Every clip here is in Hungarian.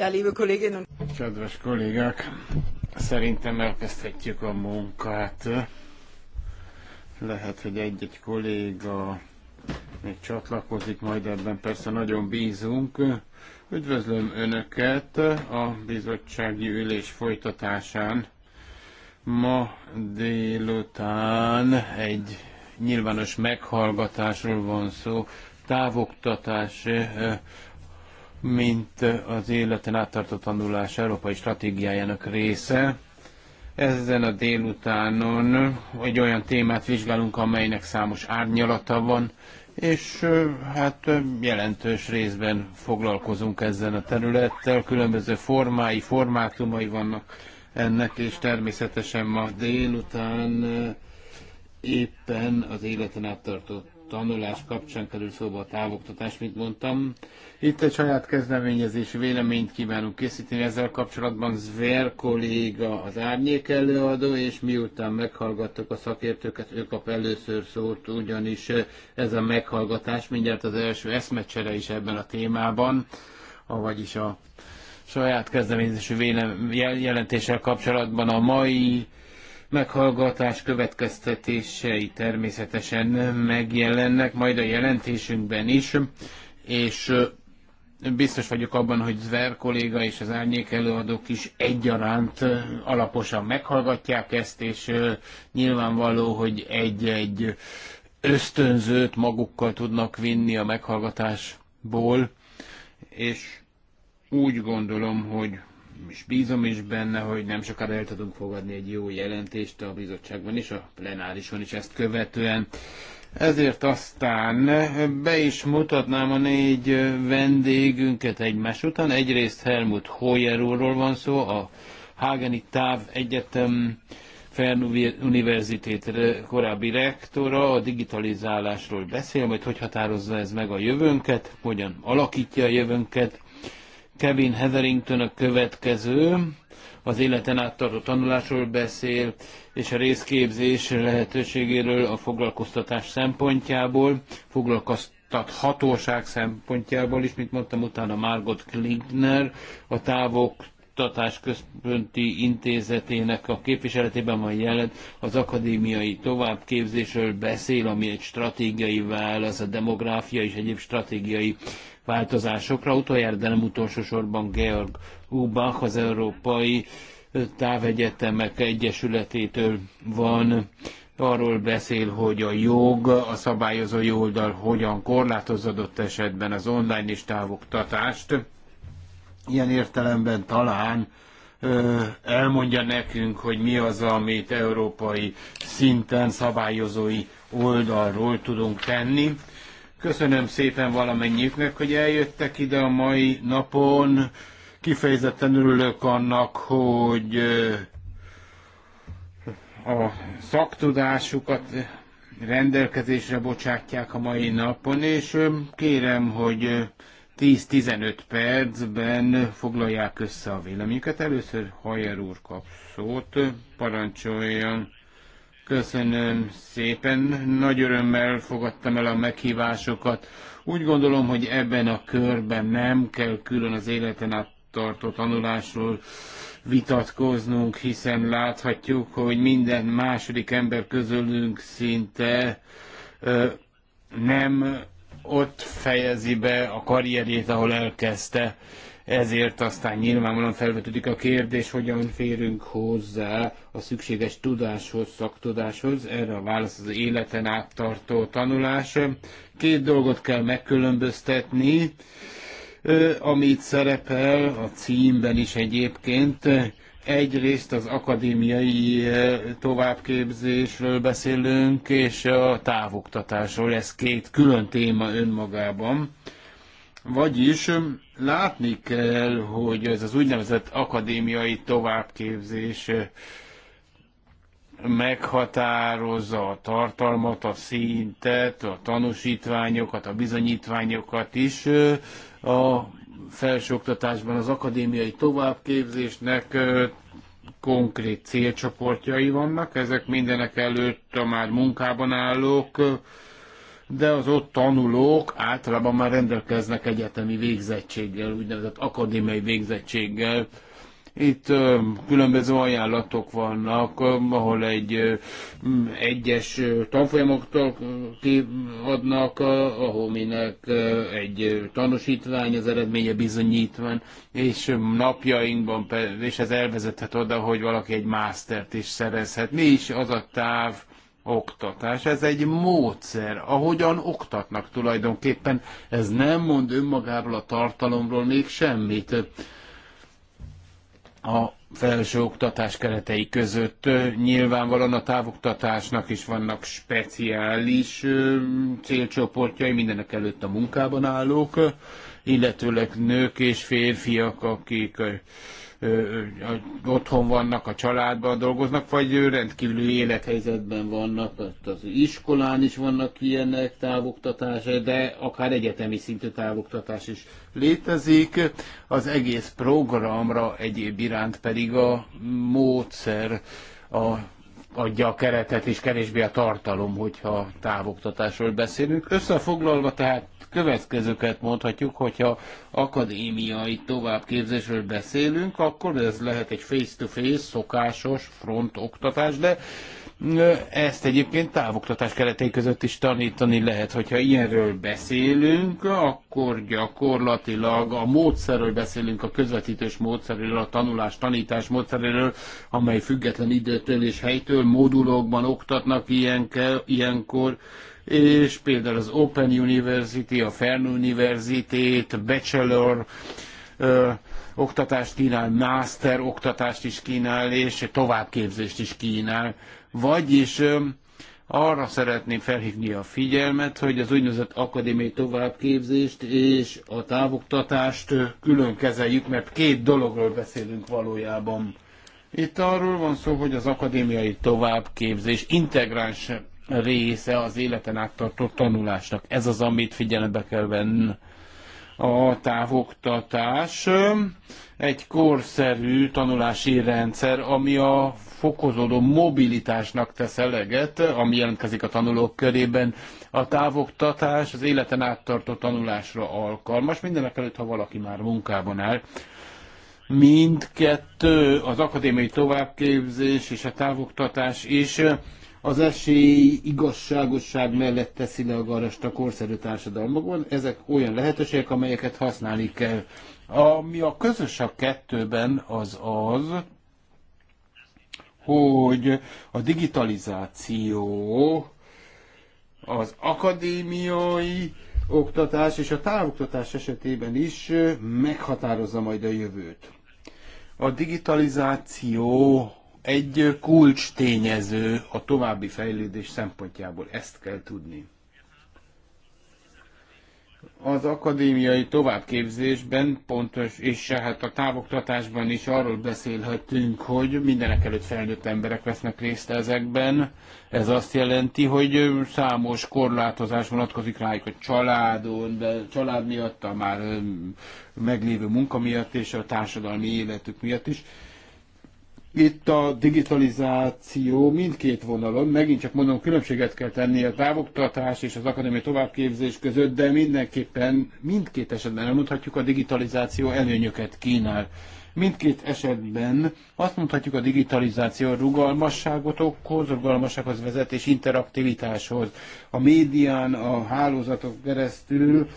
Ja, liebe Kedves kollégák, szerintem elkezdhetjük a munkát. Lehet, hogy egy-egy kolléga még csatlakozik, majd ebben persze nagyon bízunk. Üdvözlöm Önöket a bizottsági ülés folytatásán. Ma délután egy nyilvános meghallgatásról van szó, távoktatás eh, mint az életen áttartó tanulás európai stratégiájának része. Ezen a délutánon egy olyan témát vizsgálunk, amelynek számos árnyalata van, és hát jelentős részben foglalkozunk ezzel a területtel, különböző formái, formátumai vannak ennek, és természetesen ma délután éppen az életen áttartott tanulás kapcsán kerül szóba a távoktatás, mint mondtam. Itt egy saját kezdeményezési véleményt kívánunk készíteni, ezzel kapcsolatban Zver kolléga az árnyék előadó, és miután meghallgattuk a szakértőket, ő kap először szólt ugyanis ez a meghallgatás mindjárt az első eszmecsere is ebben a témában, vagyis a saját kezdeményezésű vélem jelentéssel kapcsolatban a mai meghallgatás következtetései természetesen megjelennek majd a jelentésünkben is, és biztos vagyok abban, hogy Zver kolléga és az árnyék előadók is egyaránt alaposan meghallgatják ezt, és nyilvánvaló, hogy egy-egy ösztönzőt magukkal tudnak vinni a meghallgatásból, és úgy gondolom, hogy és bízom is benne, hogy nem sokára el tudunk fogadni egy jó jelentést a bizottságban is a plenárison is ezt követően. Ezért aztán be is mutatnám a négy vendégünket egymás után. Egyrészt Helmut Hoyer úrról van szó, a Hágeni Táv Egyetem Fernuniverzitét korábbi rektora a digitalizálásról beszél, majd hogy határozza ez meg a jövőnket, hogyan alakítja a jövőnket. Kevin Heatherington a következő, az életen át tartó tanulásról beszél, és a részképzés lehetőségéről a foglalkoztatás szempontjából, foglalkoztathatóság szempontjából is, mint mondtam, utána Margot Klinkner, a távok Oktatás Központi Intézetének a képviseletében van jelent az akadémiai továbbképzésről beszél, ami egy stratégiai válasz a demográfia és egyéb stratégiai változásokra. Utoljára, de nem utolsó sorban Georg Hubach az Európai Távegyetemek Egyesületétől van arról beszél, hogy a jog, a szabályozó oldal hogyan korlátoz esetben az online és távoktatást. Ilyen értelemben talán elmondja nekünk, hogy mi az, amit európai szinten szabályozói oldalról tudunk tenni. Köszönöm szépen valamennyiüknek, hogy eljöttek ide a mai napon. Kifejezetten örülök annak, hogy a szaktudásukat rendelkezésre bocsátják a mai napon, és kérem, hogy 10-15 percben foglalják össze a véleményüket. Először Hajer úr kap szót, parancsoljon. Köszönöm szépen, nagy örömmel fogadtam el a meghívásokat. Úgy gondolom, hogy ebben a körben nem kell külön az életen át tartó tanulásról vitatkoznunk, hiszen láthatjuk, hogy minden második ember közülünk szinte ö, nem ott fejezi be a karrierjét, ahol elkezdte. Ezért aztán nyilvánvalóan felvetődik a kérdés, hogyan férünk hozzá a szükséges tudáshoz, szaktudáshoz. Erre a válasz az életen át tartó tanulás. Két dolgot kell megkülönböztetni, amit szerepel a címben is egyébként. Egyrészt az akadémiai továbbképzésről beszélünk, és a távoktatásról. Ez két külön téma önmagában. Vagyis Látni kell, hogy ez az úgynevezett akadémiai továbbképzés eh, meghatározza a tartalmat, a szintet, a tanúsítványokat, a bizonyítványokat is eh, a felsőoktatásban az akadémiai továbbképzésnek eh, konkrét célcsoportjai vannak, ezek mindenek előtt a már munkában állók, de az ott tanulók általában már rendelkeznek egyetemi végzettséggel, úgynevezett akadémiai végzettséggel. Itt ö, különböző ajánlatok vannak, ö, ahol egy ö, egyes tanfolyamoktól kiadnak, ahol minek ö, egy tanúsítvány az eredménye bizonyítvány, és ö, napjainkban, és ez elvezethet oda, hogy valaki egy másztert is szerezhet. Mi is az a táv, oktatás, ez egy módszer, ahogyan oktatnak tulajdonképpen. Ez nem mond önmagáról a tartalomról még semmit. A felsőoktatás keretei között nyilvánvalóan a távoktatásnak is vannak speciális célcsoportjai, mindenek előtt a munkában állók, illetőleg nők és férfiak, akik otthon vannak, a családban dolgoznak, vagy rendkívüli élethelyzetben vannak, az iskolán is vannak ilyenek távoktatás, de akár egyetemi szintű távoktatás is létezik. Az egész programra egyéb iránt pedig a módszer a, adja a keretet, és kevésbé a tartalom, hogyha távoktatásról beszélünk. Összefoglalva tehát következőket mondhatjuk, hogyha akadémiai továbbképzésről beszélünk, akkor ez lehet egy face-to-face, -face, szokásos front oktatás, de ezt egyébként távoktatás keretei között is tanítani lehet. Hogyha ilyenről beszélünk, akkor gyakorlatilag a módszerről beszélünk, a közvetítős módszerről, a tanulás, tanítás módszerről, amely független időtől és helytől modulokban oktatnak ilyenkor és például az Open University, a Fern University, Bachelor ö, oktatást kínál, master oktatást is kínál, és továbbképzést is kínál. Vagyis ö, arra szeretném felhívni a figyelmet, hogy az úgynevezett akadémiai továbbképzést és a távoktatást külön kezeljük, mert két dologról beszélünk valójában. Itt arról van szó, hogy az akadémiai továbbképzés integráns része az életen át tartott tanulásnak. Ez az, amit figyelembe kell venni. A távoktatás egy korszerű tanulási rendszer, ami a fokozódó mobilitásnak tesz eleget, ami jelentkezik a tanulók körében. A távoktatás az életen át tartó tanulásra alkalmas, mindenek előtt, ha valaki már munkában áll. Mindkettő, az akadémiai továbbképzés és a távoktatás is az esély igazságosság mellett teszi le a garast a korszerű társadalmakban. Ezek olyan lehetőségek, amelyeket használni kell. Ami a közös a kettőben az az, hogy a digitalizáció, az akadémiai oktatás és a távoktatás esetében is meghatározza majd a jövőt. A digitalizáció egy kulcs tényező a további fejlődés szempontjából. Ezt kell tudni. Az akadémiai továbbképzésben pontos, és hát a távoktatásban is arról beszélhetünk, hogy mindenek előtt felnőtt emberek vesznek részt ezekben. Ez azt jelenti, hogy számos korlátozás vonatkozik rájuk a családon, de a család miatt, a már meglévő munka miatt és a társadalmi életük miatt is itt a digitalizáció mindkét vonalon, megint csak mondom, különbséget kell tenni a távoktatás és az akadémiai továbbképzés között, de mindenképpen mindkét esetben elmondhatjuk, a digitalizáció előnyöket kínál. Mindkét esetben azt mondhatjuk, a digitalizáció rugalmasságot okoz, rugalmassághoz vezet és interaktivitáshoz. A médián, a hálózatok keresztül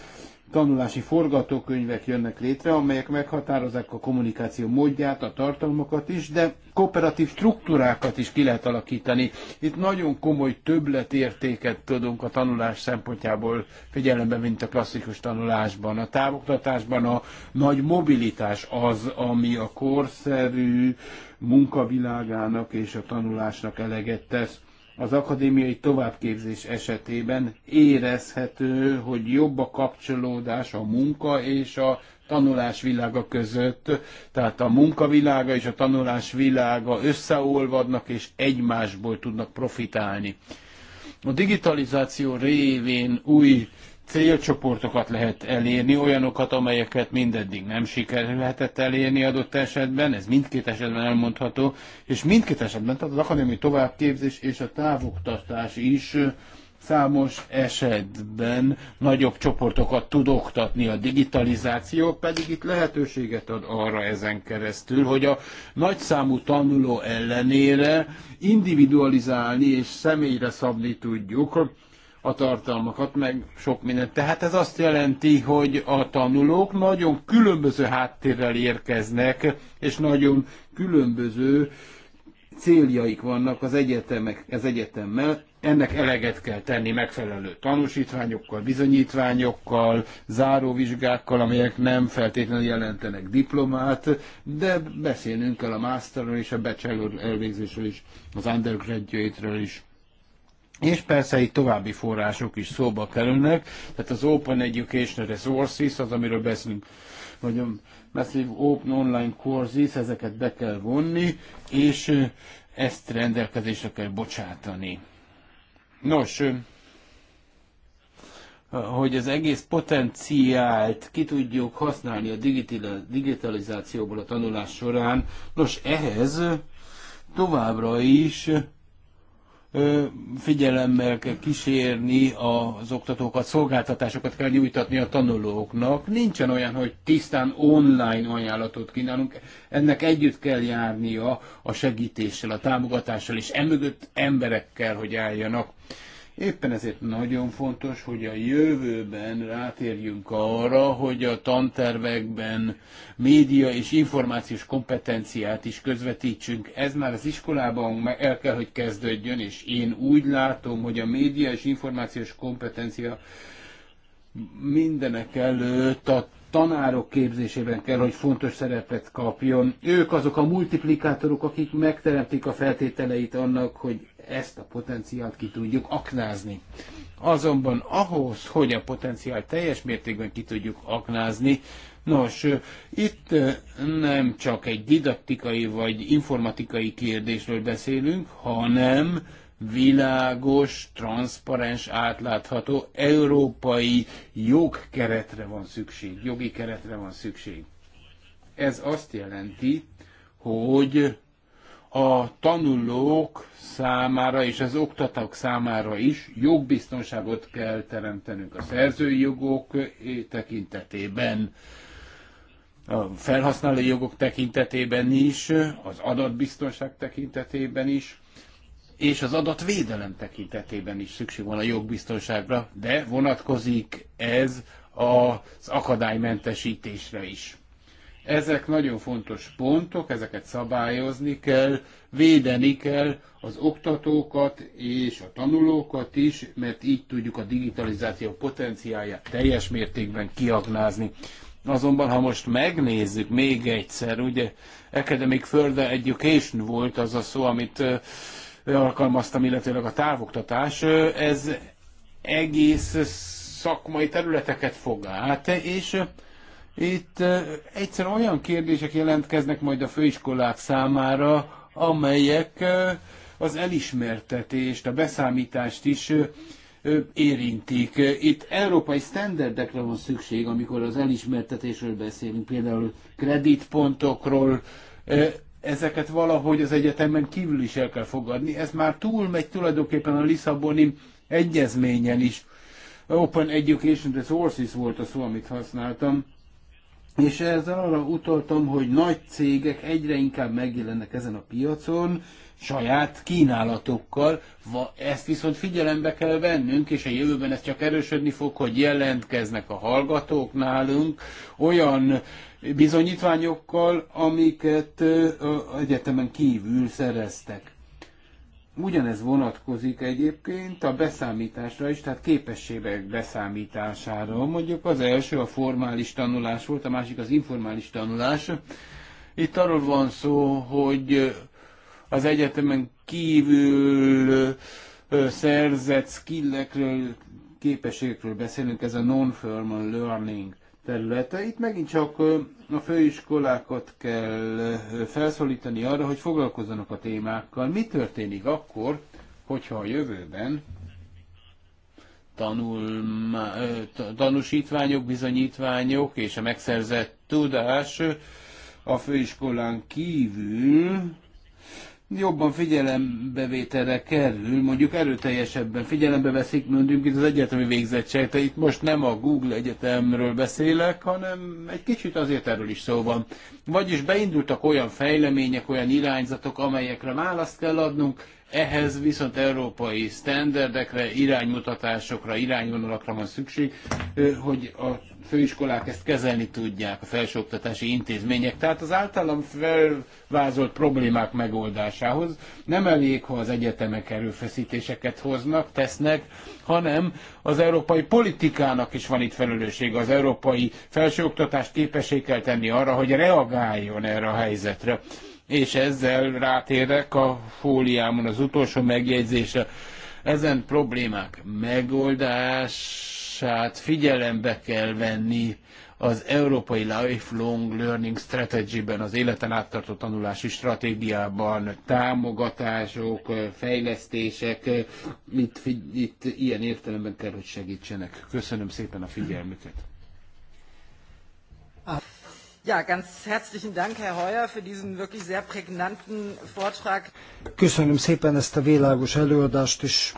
tanulási forgatókönyvek jönnek létre, amelyek meghatározzák a kommunikáció módját, a tartalmakat is, de kooperatív struktúrákat is ki lehet alakítani. Itt nagyon komoly többletértéket tudunk a tanulás szempontjából figyelembe, mint a klasszikus tanulásban. A távoktatásban a nagy mobilitás az, ami a korszerű munkavilágának és a tanulásnak eleget tesz az akadémiai továbbképzés esetében érezhető, hogy jobb a kapcsolódás a munka és a tanulás világa között, tehát a munkavilága és a tanulás világa összeolvadnak és egymásból tudnak profitálni. A digitalizáció révén új célcsoportokat lehet elérni, olyanokat, amelyeket mindeddig nem sikerülhetett elérni adott esetben, ez mindkét esetben elmondható, és mindkét esetben, tehát az akadémiai továbbképzés és a távoktatás is számos esetben nagyobb csoportokat tud oktatni, a digitalizáció pedig itt lehetőséget ad arra ezen keresztül, hogy a nagyszámú tanuló ellenére individualizálni és személyre szabni tudjuk a tartalmakat, meg sok mindent. Tehát ez azt jelenti, hogy a tanulók nagyon különböző háttérrel érkeznek, és nagyon különböző céljaik vannak az, egyetemek, az egyetemmel, ennek eleget kell tenni megfelelő tanúsítványokkal, bizonyítványokkal, záróvizsgákkal, amelyek nem feltétlenül jelentenek diplomát, de beszélnünk kell a masterről és a bachelor elvégzésről is, az undergraduate-ről is. És persze itt további források is szóba kerülnek, tehát az Open Education Resources, az amiről beszélünk, vagy a Massive Open Online Courses, ezeket be kell vonni, és ezt rendelkezésre kell bocsátani. Nos, hogy az egész potenciált ki tudjuk használni a digitalizációból a tanulás során, nos ehhez továbbra is figyelemmel kell kísérni az oktatókat, szolgáltatásokat kell nyújtatni a tanulóknak. Nincsen olyan, hogy tisztán online ajánlatot kínálunk. Ennek együtt kell járnia a segítéssel, a támogatással, és emögött emberek kell, hogy álljanak. Éppen ezért nagyon fontos, hogy a jövőben rátérjünk arra, hogy a tantervekben média és információs kompetenciát is közvetítsünk. Ez már az iskolában el kell, hogy kezdődjön, és én úgy látom, hogy a média és információs kompetencia mindenek előtt a tanárok képzésében kell, hogy fontos szerepet kapjon. Ők azok a multiplikátorok, akik megteremtik a feltételeit annak, hogy ezt a potenciált ki tudjuk aknázni. Azonban ahhoz, hogy a potenciált teljes mértékben ki tudjuk aknázni, Nos, itt nem csak egy didaktikai vagy informatikai kérdésről beszélünk, hanem világos, transzparens, átlátható európai jogkeretre van szükség, jogi keretre van szükség. Ez azt jelenti, hogy a tanulók számára és az oktatók számára is jogbiztonságot kell teremtenünk a szerzői jogok eh, tekintetében, a felhasználói jogok tekintetében is, az adatbiztonság tekintetében is, és az adatvédelem tekintetében is szükség van a jogbiztonságra, de vonatkozik ez az akadálymentesítésre is. Ezek nagyon fontos pontok, ezeket szabályozni kell, védeni kell az oktatókat és a tanulókat is, mert így tudjuk a digitalizáció potenciáját teljes mértékben kiaknázni. Azonban, ha most megnézzük még egyszer, ugye Academic Further Education volt az a szó, amit alkalmaztam, illetőleg a távoktatás, ez egész szakmai területeket fog át, és itt egyszer olyan kérdések jelentkeznek majd a főiskolák számára, amelyek az elismertetést, a beszámítást is érintik. Itt európai standardekre van szükség, amikor az elismertetésről beszélünk, például kreditpontokról, ezeket valahogy az egyetemen kívül is el kell fogadni. Ez már túlmegy tulajdonképpen a Lisszaboni egyezményen is. Open Education Resources volt a szó, amit használtam. És ezzel arra utaltam, hogy nagy cégek egyre inkább megjelennek ezen a piacon, saját kínálatokkal, ezt viszont figyelembe kell vennünk, és a jövőben ez csak erősödni fog, hogy jelentkeznek a hallgatók nálunk olyan bizonyítványokkal, amiket egyetemen kívül szereztek. Ugyanez vonatkozik egyébként a beszámításra is, tehát képességek beszámítására. Mondjuk az első a formális tanulás volt, a másik az informális tanulás. Itt arról van szó, hogy az egyetemen kívül szerzett skillekről, képességekről beszélünk, ez a non-formal learning területe. Itt megint csak a főiskolákat kell felszólítani arra, hogy foglalkozzanak a témákkal. Mi történik akkor, hogyha a jövőben tanul, tanúsítványok, bizonyítványok és a megszerzett tudás a főiskolán kívül jobban figyelembevételre kerül, mondjuk erőteljesebben figyelembe veszik mondjuk itt az egyetemi végzettség, tehát itt most nem a Google Egyetemről beszélek, hanem egy kicsit azért erről is szó van. Vagyis beindultak olyan fejlemények, olyan irányzatok, amelyekre választ kell adnunk, ehhez viszont európai sztenderdekre, iránymutatásokra, irányvonalakra van szükség, hogy a főiskolák ezt kezelni tudják, a felsőoktatási intézmények. Tehát az általam felvázolt problémák megoldásához nem elég, ha az egyetemek erőfeszítéseket hoznak, tesznek, hanem az európai politikának is van itt felelőssége. Az európai felsőoktatást képesé kell tenni arra, hogy reagáljon erre a helyzetre. És ezzel rátérek a fóliámon az utolsó megjegyzése. Ezen problémák megoldás hatását figyelembe kell venni az Európai Lifelong Learning Strategy-ben, az életen áttartó tanulási stratégiában, támogatások, fejlesztések, itt, itt ilyen értelemben kell, hogy segítsenek. Köszönöm szépen a figyelmüket. Ja, ganz herzlichen Dank, Herr Heuer, für diesen wirklich sehr prägnanten Vortrag. Köszönöm szépen ezt a világos előadást, és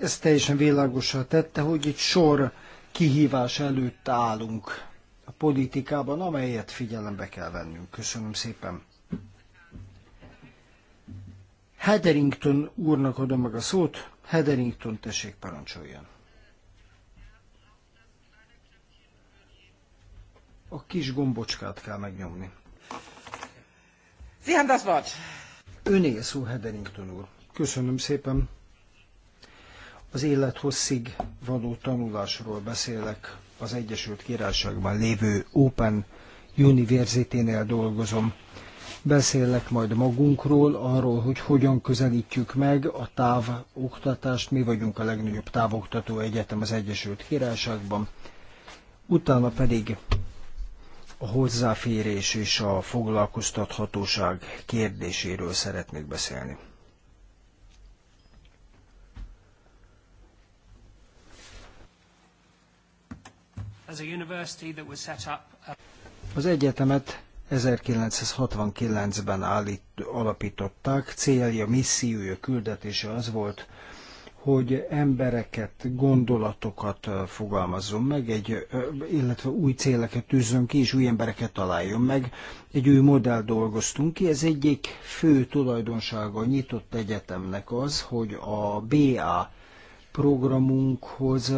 ez teljesen világosra tette, hogy egy sor kihívás előtt állunk a politikában, amelyet figyelembe kell vennünk. Köszönöm szépen. Hetherington úrnak adom meg a szót. Hetherington, tessék, parancsoljon. A kis gombocskát kell megnyomni. Sie haben das Wort. Öné szó, Hetherington úr. Köszönöm szépen az élethosszig való tanulásról beszélek. Az Egyesült Királyságban lévő Open University-nél dolgozom. Beszélek majd magunkról, arról, hogy hogyan közelítjük meg a távoktatást. Mi vagyunk a legnagyobb távoktató egyetem az Egyesült Királyságban. Utána pedig a hozzáférés és a foglalkoztathatóság kérdéséről szeretnék beszélni. Uh, az egyetemet 1969-ben állít, alapították, célja, missziója, küldetése az volt, hogy embereket, gondolatokat uh, fogalmazzon meg, egy, uh, illetve új céleket tűzzön ki, és új embereket találjon meg. Egy új modell dolgoztunk ki, ez egyik fő tulajdonsága a nyitott egyetemnek az, hogy a BA programunkhoz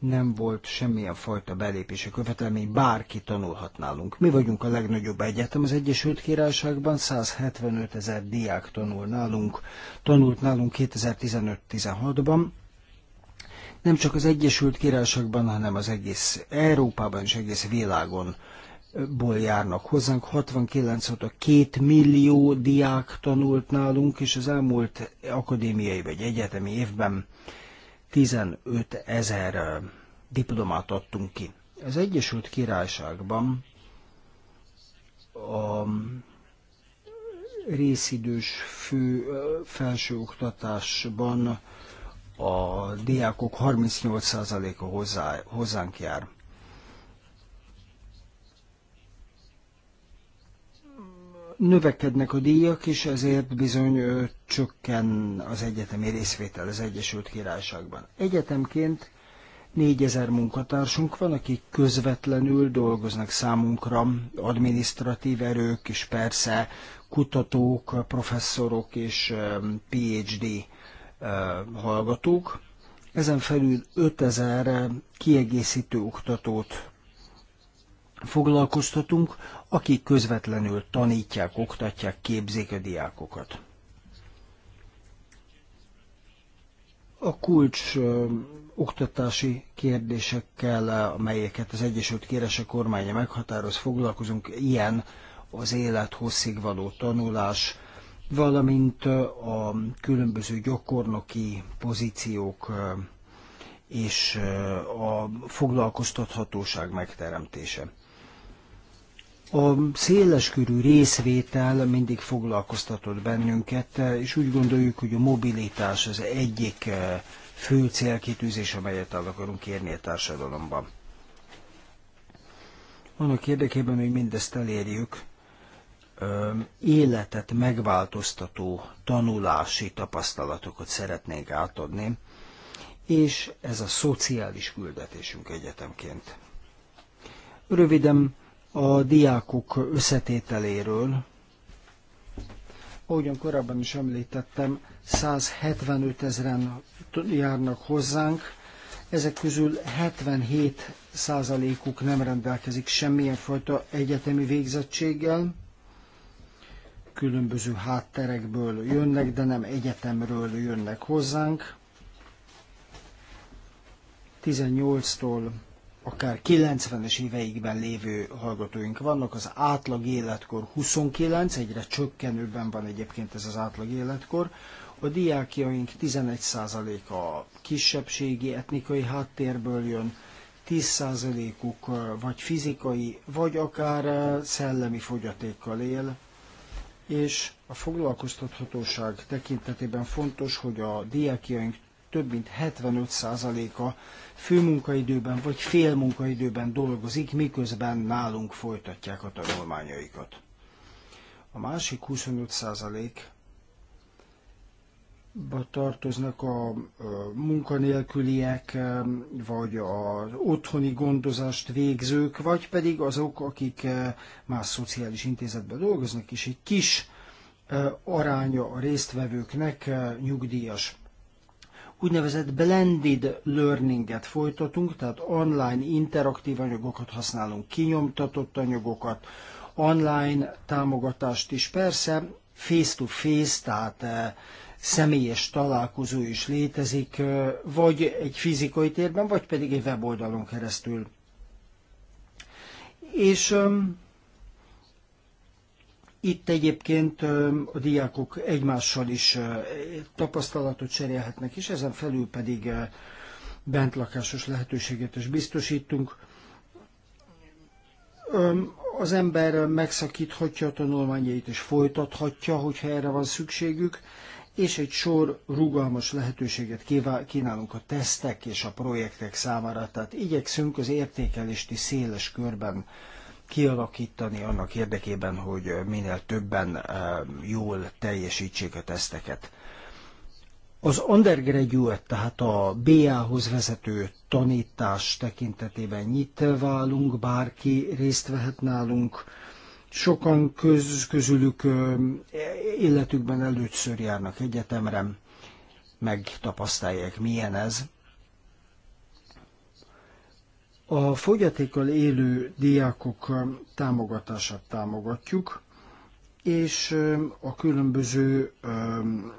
nem volt semmilyen fajta belépési követelmény, bárki tanulhat nálunk. Mi vagyunk a legnagyobb egyetem az Egyesült Királyságban, 175 ezer diák tanul nálunk, tanult nálunk 2015-16-ban, nem csak az Egyesült Királyságban, hanem az egész Európában és egész világon ból járnak hozzánk. 69 óta 2 millió diák tanult nálunk, és az elmúlt akadémiai vagy egyetemi évben 15 ezer diplomát adtunk ki. Az Egyesült Királyságban a részidős fő felsőoktatásban a diákok 38%-a hozzá, hozzánk jár. növekednek a díjak, és ezért bizony csökken az egyetemi részvétel az Egyesült Királyságban. Egyetemként 4000 munkatársunk van, akik közvetlenül dolgoznak számunkra, adminisztratív erők, és persze kutatók, professzorok és PhD hallgatók. Ezen felül 5000 kiegészítő oktatót foglalkoztatunk, akik közvetlenül tanítják, oktatják, képzik a diákokat. A kulcs ö, oktatási kérdésekkel, amelyeket az Egyesült Kérese kormánya meghatároz, foglalkozunk, ilyen az élet hosszig való tanulás, valamint a különböző gyakornoki pozíciók és a foglalkoztathatóság megteremtése. A széleskörű részvétel mindig foglalkoztatott bennünket, és úgy gondoljuk, hogy a mobilitás az egyik eh, fő célkitűzés, amelyet el akarunk érni a társadalomban. Annak érdekében, hogy mindezt elérjük, eh, életet megváltoztató tanulási tapasztalatokat szeretnénk átadni, és ez a szociális küldetésünk egyetemként. Röviden a diákok összetételéről. Ahogyan korábban is említettem, 175 ezeren járnak hozzánk, ezek közül 77 százalékuk nem rendelkezik semmilyen fajta egyetemi végzettséggel, különböző hátterekből jönnek, de nem egyetemről jönnek hozzánk. 18-tól akár 90-es éveikben lévő hallgatóink vannak, az átlag életkor 29, egyre csökkenőben van egyébként ez az átlag életkor, a diákjaink 11%-a kisebbségi etnikai háttérből jön, 10%-uk vagy fizikai, vagy akár szellemi fogyatékkal él, és a foglalkoztathatóság tekintetében fontos, hogy a diákjaink több mint 75%-a főmunkaidőben vagy félmunkaidőben dolgozik, miközben nálunk folytatják a tanulmányaikat. A másik 25% ba tartoznak a munkanélküliek, vagy az otthoni gondozást végzők, vagy pedig azok, akik más szociális intézetben dolgoznak, és egy kis aránya a résztvevőknek nyugdíjas úgynevezett blended learninget folytatunk, tehát online interaktív anyagokat használunk, kinyomtatott anyagokat, online támogatást is, persze face-to-face, tehát eh, személyes találkozó is létezik, eh, vagy egy fizikai térben, vagy pedig egy weboldalon keresztül. És itt egyébként a diákok egymással is tapasztalatot cserélhetnek, és ezen felül pedig bentlakásos lehetőséget is biztosítunk. Az ember megszakíthatja a tanulmányait és folytathatja, hogyha erre van szükségük, és egy sor rugalmas lehetőséget kínálunk a tesztek és a projektek számára. Tehát igyekszünk az értékelést is széles körben kialakítani annak érdekében, hogy minél többen um, jól teljesítsék a teszteket. Az undergraduate, tehát a BA-hoz vezető tanítás tekintetében nyitva válunk, bárki részt vehet nálunk. Sokan köz, közülük um, életükben először járnak egyetemre, megtapasztalják, milyen ez. A fogyatékkal élő diákok um, támogatását támogatjuk, és um, a különböző um,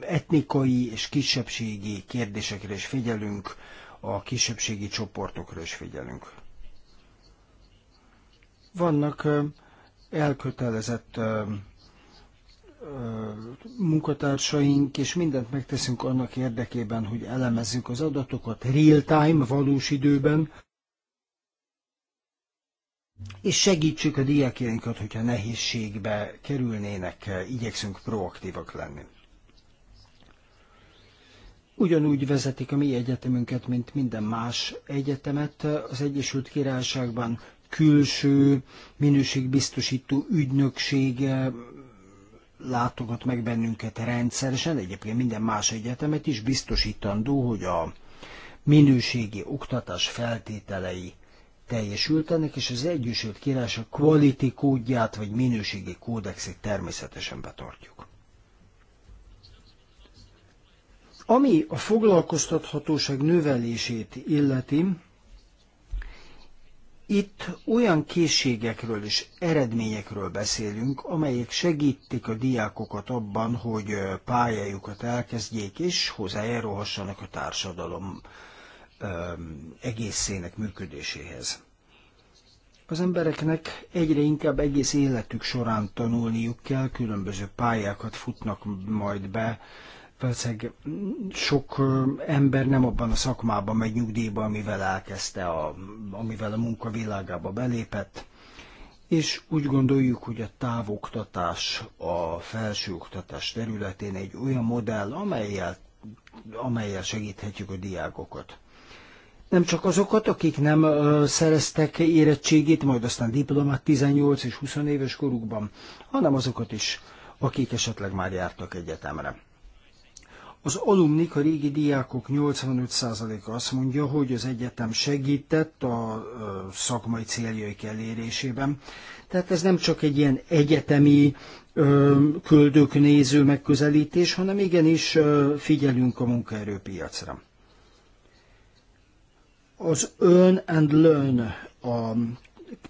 etnikai és kisebbségi kérdésekre is figyelünk, a kisebbségi csoportokra is figyelünk. Vannak elkötelezett munkatársaink, és mindent megteszünk annak érdekében, hogy elemezzük az adatokat real-time, valós időben, és segítsük a diákjainkat, hogyha nehézségbe kerülnének, igyekszünk proaktívak lenni. Ugyanúgy vezetik a mi egyetemünket, mint minden más egyetemet az Egyesült Királyságban, külső minőségbiztosító ügynökség látogat meg bennünket rendszeresen, egyébként minden más egyetemet is biztosítandó, hogy a minőségi oktatás feltételei teljesültenek, és az Egyesült Királyság quality kódját vagy minőségi kódexét természetesen betartjuk. Ami a foglalkoztathatóság növelését illeti, itt olyan készségekről és eredményekről beszélünk, amelyek segítik a diákokat abban, hogy pályájukat elkezdjék és hozzájárulhassanak a társadalom egészének működéséhez. Az embereknek egyre inkább egész életük során tanulniuk kell, különböző pályákat futnak majd be, valószínűleg sok ember nem abban a szakmában megy nyugdíjba, amivel elkezdte, a, amivel a munka világába belépett, és úgy gondoljuk, hogy a távoktatás a felsőoktatás területén egy olyan modell, amelyel, amelyel segíthetjük a diákokat. Nem csak azokat, akik nem szereztek érettségét, majd aztán diplomát 18 és 20 éves korukban, hanem azokat is, akik esetleg már jártak egyetemre. Az alumnik, a régi diákok 85%-a azt mondja, hogy az egyetem segített a szakmai céljaik elérésében. Tehát ez nem csak egy ilyen egyetemi köldöknéző megközelítés, hanem igenis figyelünk a munkaerőpiacra. Az earn and learn, a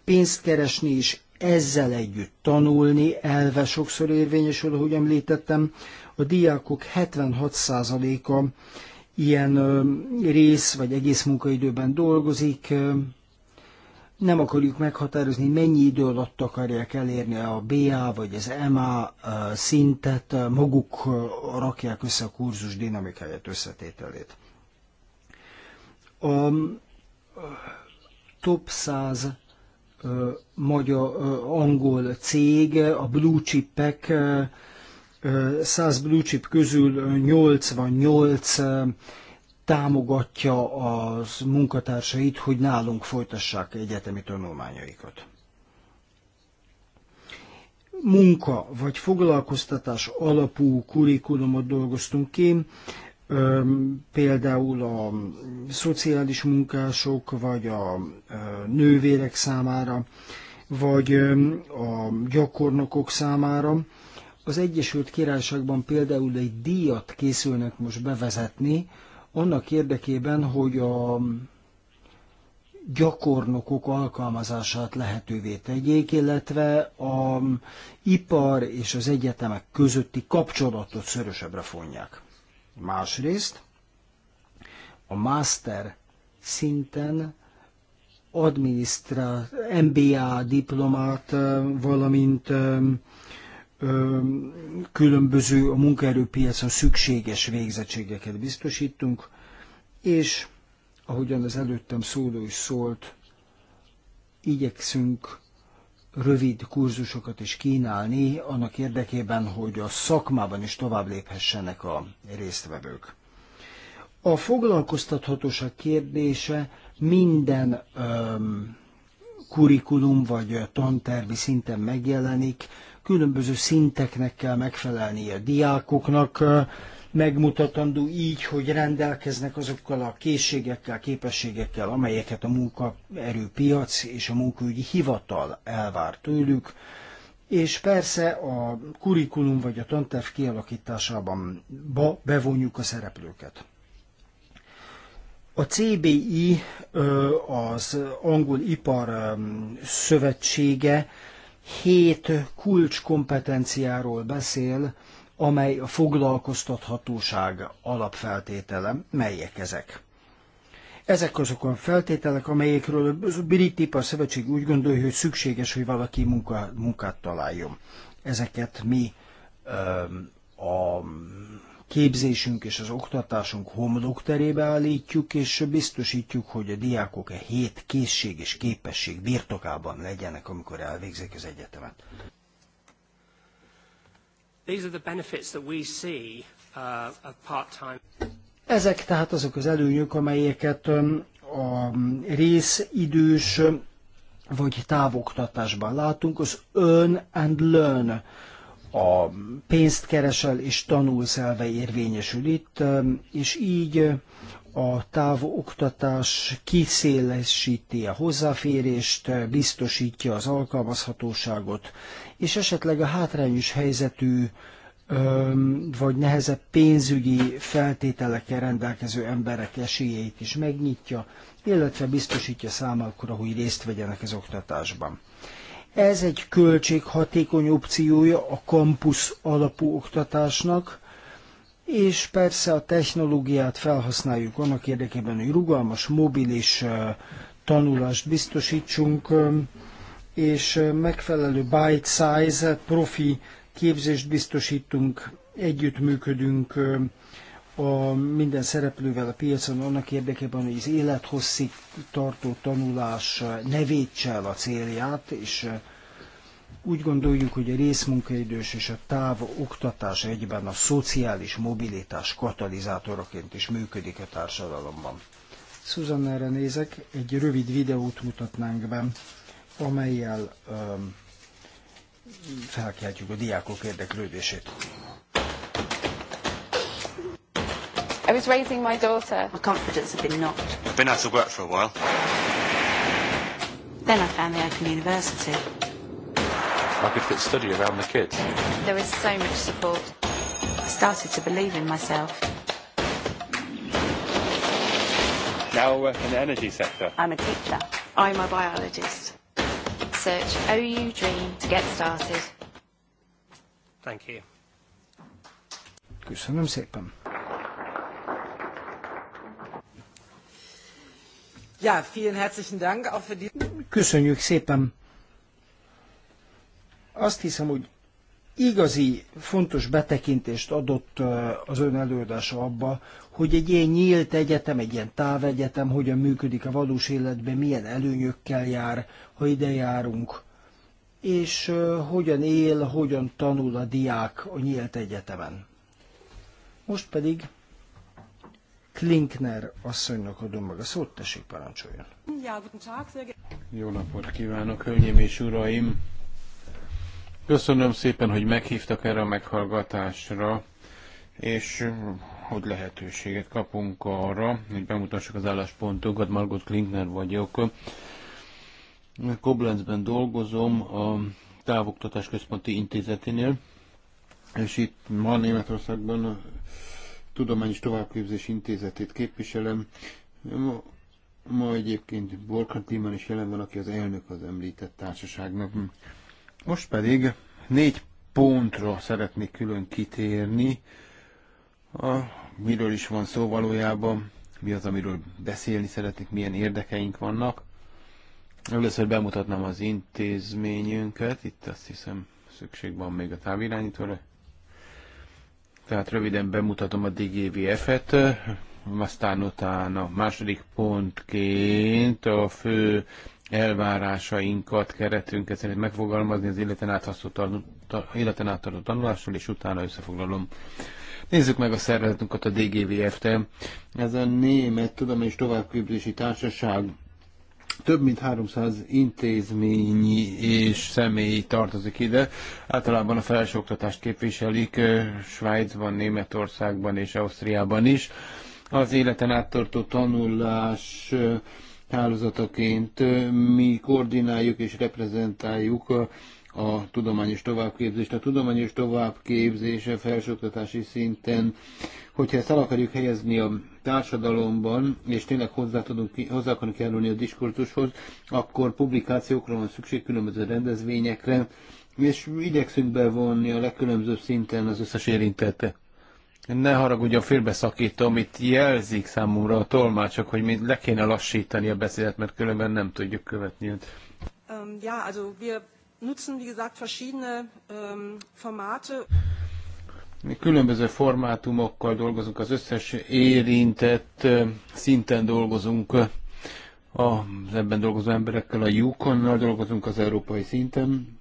pénzt keresni és ezzel együtt tanulni elve sokszor érvényesül, ahogy említettem, a diákok 76%-a ilyen rész vagy egész munkaidőben dolgozik. Nem akarjuk meghatározni, mennyi idő alatt akarják elérni a BA vagy az MA szintet, maguk rakják össze a kurzus dinamikáját, összetételét. A top 100 magyar, angol cég, a blue chipek 100 blue chip közül 88 támogatja az munkatársait, hogy nálunk folytassák egyetemi tanulmányaikat. Munka vagy foglalkoztatás alapú kurikulumot dolgoztunk ki, például a szociális munkások, vagy a nővérek számára, vagy a gyakornokok számára az Egyesült Királyságban például egy díjat készülnek most bevezetni, annak érdekében, hogy a gyakornokok alkalmazását lehetővé tegyék, illetve a ipar és az egyetemek közötti kapcsolatot szörösebbre fonják. Másrészt a master szinten adminisztrát, MBA diplomát, valamint különböző a munkaerőpiacon szükséges végzettségeket biztosítunk, és ahogyan az előttem szóló is szólt, igyekszünk rövid kurzusokat is kínálni, annak érdekében, hogy a szakmában is tovább léphessenek a résztvevők. A foglalkoztathatóság kérdése minden öm, kurikulum vagy tantervi szinten megjelenik, különböző szinteknek kell megfelelnie a diákoknak, megmutatandó így, hogy rendelkeznek azokkal a készségekkel, képességekkel, amelyeket a munkaerőpiac és a munkaügyi hivatal elvár tőlük, és persze a kurikulum vagy a tanterv kialakításában bevonjuk a szereplőket. A CBI, az Angol Ipar Szövetsége hét kulcskompetenciáról beszél, amely a foglalkoztathatóság alapfeltétele. Melyek ezek? Ezek azok a feltételek, amelyekről a brit ipar szövetség úgy gondolja, hogy szükséges, hogy valaki munka, munkát találjon. Ezeket mi a képzésünk és az oktatásunk homlok terébe állítjuk, és biztosítjuk, hogy a diákok a e hét készség és képesség birtokában legyenek, amikor elvégzik az egyetemet. Ezek tehát azok az előnyök, amelyeket um, a részidős vagy távoktatásban látunk, az earn and learn a pénzt keresel és tanulsz elve érvényesül itt, és így a távoktatás kiszélesíti a hozzáférést, biztosítja az alkalmazhatóságot, és esetleg a hátrányos helyzetű vagy nehezebb pénzügyi feltételekkel rendelkező emberek esélyeit is megnyitja, illetve biztosítja számukra, hogy részt vegyenek az oktatásban. Ez egy költséghatékony opciója a kampusz alapú oktatásnak, és persze a technológiát felhasználjuk annak érdekében, hogy rugalmas, mobilis tanulást biztosítsunk, és megfelelő byte size, profi képzést biztosítunk, együttműködünk a minden szereplővel a piacon annak érdekében, hogy az élethosszig tartó tanulás ne el a célját, és eh, úgy gondoljuk, hogy a részmunkaidős és a oktatás egyben a szociális mobilitás katalizátoraként is működik a társadalomban. Susan erre nézek, egy rövid videót mutatnánk be, amelyel um, felkeltjük a diákok érdeklődését. I was raising my daughter. My confidence had been knocked. I've been out of work for a while. Then I found the Open University. I could fit study around the kids. There was so much support. I started to believe in myself. Now I work in the energy sector. I'm a teacher. I'm a biologist. Search OU Dream to get started. Thank you. Köszönöm szépen. Ja, vielen herzlichen Dank auch für die... Köszönjük szépen. Azt hiszem, hogy igazi fontos betekintést adott az ön előadása abba, hogy egy ilyen nyílt egyetem, egy ilyen távegyetem hogyan működik a valós életben, milyen előnyökkel jár, ha ide járunk, és hogyan él, hogyan tanul a diák a nyílt egyetemen. Most pedig Klinkner asszonynak adom meg a szót, tessék parancsoljon. Jó napot kívánok, hölgyeim és uraim! Köszönöm szépen, hogy meghívtak erre a meghallgatásra, és eh, hogy lehetőséget kapunk arra, hogy bemutassuk az álláspontokat. Margot Klinkner vagyok. Koblenzben dolgozom a Távoktatás Központi Intézeténél, és itt ma Németországban Tudományos Továbbképzés Intézetét képviselem. Ma egyébként Borkan Klíman is jelen van, aki az elnök az említett társaságnak. Most pedig négy pontra szeretnék külön kitérni. A, miről is van szó valójában, mi az, amiről beszélni szeretnék, milyen érdekeink vannak. Először bemutatnám az intézményünket, itt azt hiszem szükség van még a távirányítóra. Tehát röviden bemutatom a DGVF-et, aztán utána a második pontként a fő elvárásainkat, keretünket szerint megfogalmazni az életen át tartó tanulásról, és utána összefoglalom. Nézzük meg a szervezetünket, a DGVF-t. Ez a Német és Továbbképzési Társaság több mint 300 intézményi és személy tartozik ide. Általában a felsőoktatást képviselik Svájcban, Németországban és Ausztriában is. Az életen áttartó tanulás hálózataként mi koordináljuk és reprezentáljuk a tudományos továbbképzést. A tudományos továbbképzése felsőoktatási szinten, hogyha ezt el akarjuk helyezni a társadalomban, és tényleg hozzá, tudunk, hozzá akarunk kerülni a diskurzushoz, akkor publikációkra van szükség, különböző rendezvényekre, és igyekszünk bevonni a legkülönbözőbb szinten az összes érintette. Ne a félbeszakítom, itt jelzik számomra a tolmácsok, hogy mi le kéne lassítani a beszédet, mert különben nem tudjuk követni őt. Um, ja, also wir nutzen, wie gesagt, verschiedene um, Formate. Különböző formátumokkal dolgozunk, az összes érintett szinten dolgozunk, az ebben dolgozó emberekkel, a Yukonnal dolgozunk az európai szinten,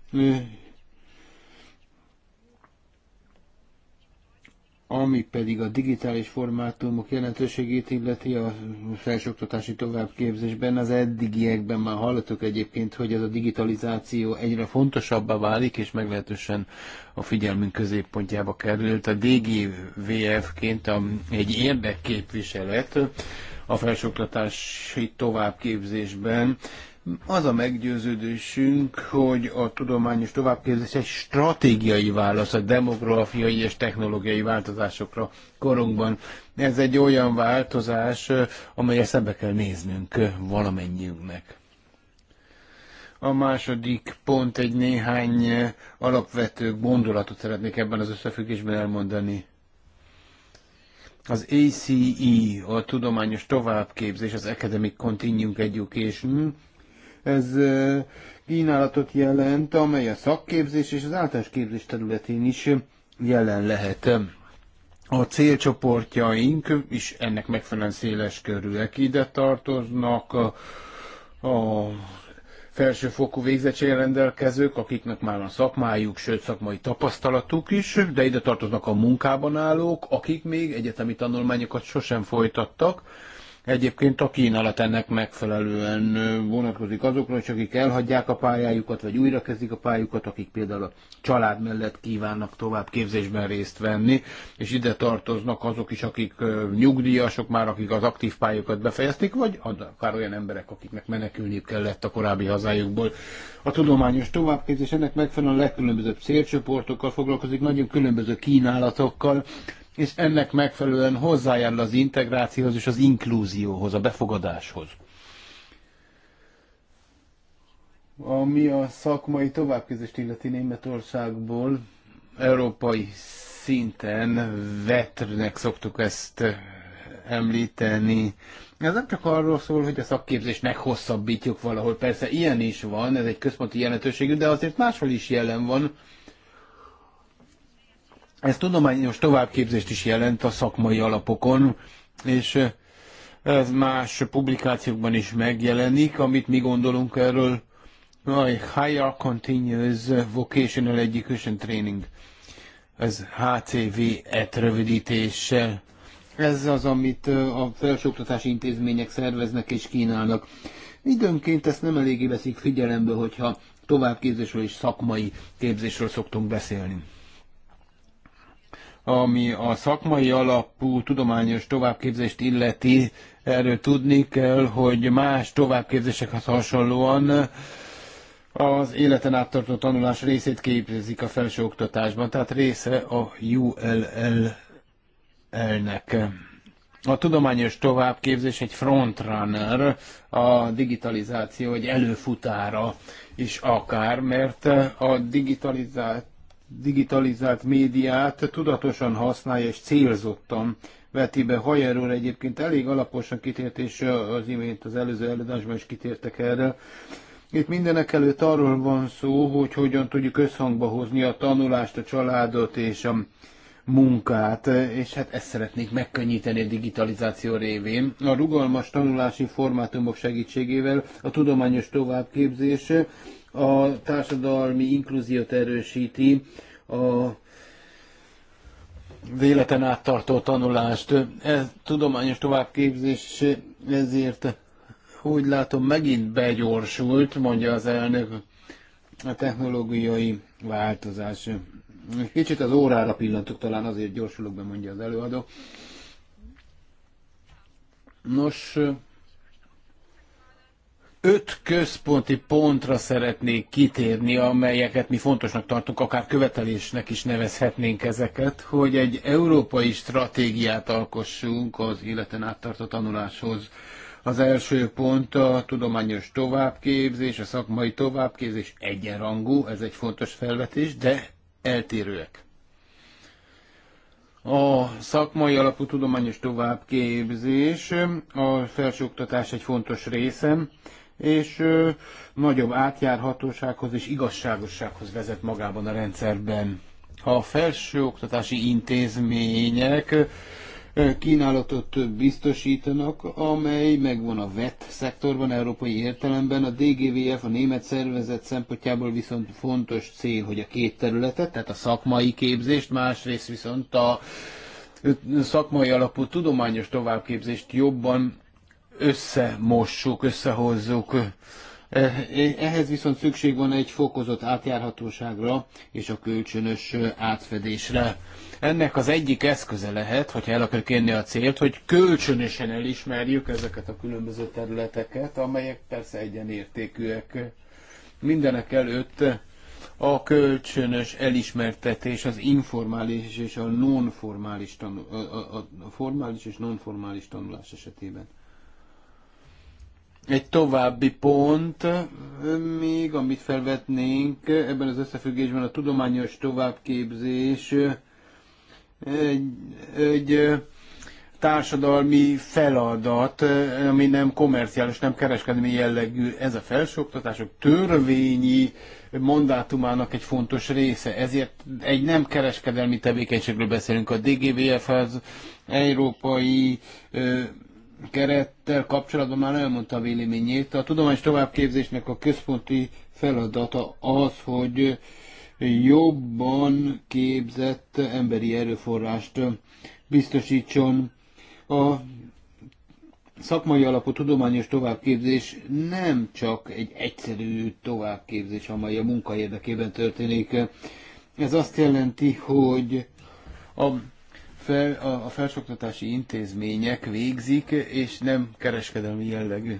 Ami pedig a digitális formátumok jelentőségét illeti a felsőoktatási továbbképzésben, az eddigiekben már hallottuk egyébként, hogy ez a digitalizáció egyre fontosabbá válik, és meglehetősen a figyelmünk középpontjába került. A DGVF-ként egy érdekképviselet a felsőoktatási továbbképzésben az a meggyőződésünk, hogy a tudományos továbbképzés egy stratégiai válasz a demográfiai és technológiai változásokra korunkban. Ez egy olyan változás, amelyet szembe kell néznünk valamennyiünknek. A második pont egy néhány alapvető gondolatot szeretnék ebben az összefüggésben elmondani. Az ACE, a tudományos továbbképzés, az Academic Continuing Education, ez kínálatot jelent, amely a szakképzés és az általános képzés területén is jelen lehet. A célcsoportjaink is ennek megfelelően széles körűek. Ide tartoznak a, a felsőfokú végzettség rendelkezők, akiknek már van szakmájuk, sőt szakmai tapasztalatuk is, de ide tartoznak a munkában állók, akik még egyetemi tanulmányokat sosem folytattak, Egyébként a kínálat ennek megfelelően vonatkozik azokra és akik elhagyják a pályájukat, vagy újra kezdik a pályájukat, akik például a család mellett kívánnak tovább képzésben részt venni, és ide tartoznak azok is, akik nyugdíjasok már, akik az aktív pályájukat befejezték, vagy akár olyan emberek, akiknek menekülniük kellett a korábbi hazájukból. A tudományos továbbképzés ennek megfelelően a legkülönbözőbb célcsoportokkal foglalkozik, nagyon különböző kínálatokkal, és ennek megfelelően hozzájárul az integrációhoz és az inklúzióhoz, a befogadáshoz. Ami a szakmai továbbképzést illeti Németországból, európai szinten vetrnek szoktuk ezt említeni. Ez nem csak arról szól, hogy a szakképzést meghosszabbítjuk valahol. Persze ilyen is van, ez egy központi jelentőségű, de azért máshol is jelen van ez tudományos továbbképzést is jelent a szakmai alapokon, és ez más publikációkban is megjelenik, amit mi gondolunk erről, a Higher Continuous Vocational Education Training, ez HCV-et rövidítéssel. Ez az, amit a felsőoktatási intézmények szerveznek és kínálnak. Időnként ezt nem eléggé veszik figyelembe, hogyha továbbképzésről és szakmai képzésről szoktunk beszélni. Ami a szakmai alapú tudományos továbbképzést illeti, erről tudni kell, hogy más továbbképzésekhez hasonlóan az életen áttartó tanulás részét képzik a felsőoktatásban, tehát része a ULL-nek. A tudományos továbbképzés egy frontrunner, a digitalizáció egy előfutára is akár, mert a digitalizáció digitalizált médiát tudatosan használja és célzottan veti be. Hajer úr egyébként elég alaposan kitért, és az imént az előző előadásban is kitértek erre. Itt mindenek előtt arról van szó, hogy hogyan tudjuk összhangba hozni a tanulást, a családot és a munkát, és hát ezt szeretnék megkönnyíteni a digitalizáció révén. A rugalmas tanulási formátumok segítségével a tudományos továbbképzés a társadalmi inkluziót erősíti, a véleten áttartó tanulást. Ez tudományos továbbképzés ezért úgy látom megint begyorsult, mondja az elnök, a technológiai változás. Kicsit az órára pillantok, talán azért gyorsulok be, mondja az előadó. Nos, öt központi pontra szeretnék kitérni, amelyeket mi fontosnak tartunk, akár követelésnek is nevezhetnénk ezeket, hogy egy európai stratégiát alkossunk az életen áttartó tanuláshoz. Az első pont a tudományos továbbképzés, a szakmai továbbképzés egyenrangú, ez egy fontos felvetés, de eltérőek. A szakmai alapú tudományos továbbképzés a felsőoktatás egy fontos része, és nagyobb átjárhatósághoz és igazságossághoz vezet magában a rendszerben. Ha a felsőoktatási intézmények kínálatot biztosítanak, amely megvan a VET szektorban, európai értelemben. A DGVF, a német szervezet szempontjából viszont fontos cél, hogy a két területet, tehát a szakmai képzést, másrészt viszont a szakmai alapú tudományos továbbképzést jobban összemossuk, összehozzuk. E, e, ehhez viszont szükség van egy fokozott átjárhatóságra és a kölcsönös átfedésre. Ennek az egyik eszköze lehet, hogyha el akarjuk érni a célt, hogy kölcsönösen elismerjük ezeket a különböző területeket, amelyek persze egyenértékűek. Mindenek előtt a kölcsönös elismertetés az informális és a nonformális tanul, a, a, a formális és nonformális tanulás esetében. Egy további pont, még amit felvetnénk ebben az összefüggésben a tudományos továbbképzés egy, egy társadalmi feladat, ami nem komerciális, nem kereskedelmi jellegű, ez a felsőoktatások törvényi mandátumának egy fontos része. Ezért egy nem kereskedelmi tevékenységről beszélünk. A DGVF az Európai kerettel kapcsolatban már elmondta a véleményét. A tudományos továbbképzésnek a központi feladata az, hogy jobban képzett emberi erőforrást biztosítson. A szakmai alapú tudományos továbbképzés nem csak egy egyszerű továbbképzés, amely a munka érdekében történik. Ez azt jelenti, hogy a fel, a, a felsoktatási intézmények végzik, és nem kereskedelmi jellegű.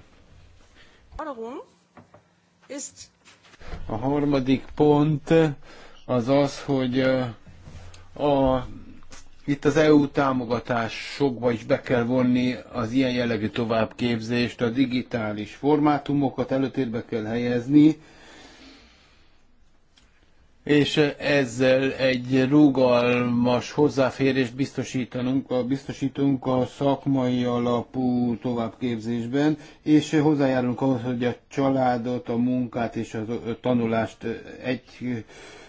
A harmadik pont az az, hogy a, itt az EU támogatásokba is be kell vonni az ilyen jellegű továbbképzést, a digitális formátumokat előtérbe kell helyezni, és ezzel egy rugalmas hozzáférést biztosítanunk, a, biztosítunk a szakmai alapú továbbképzésben, és hozzájárulunk ahhoz, hogy a családot, a munkát és a tanulást egy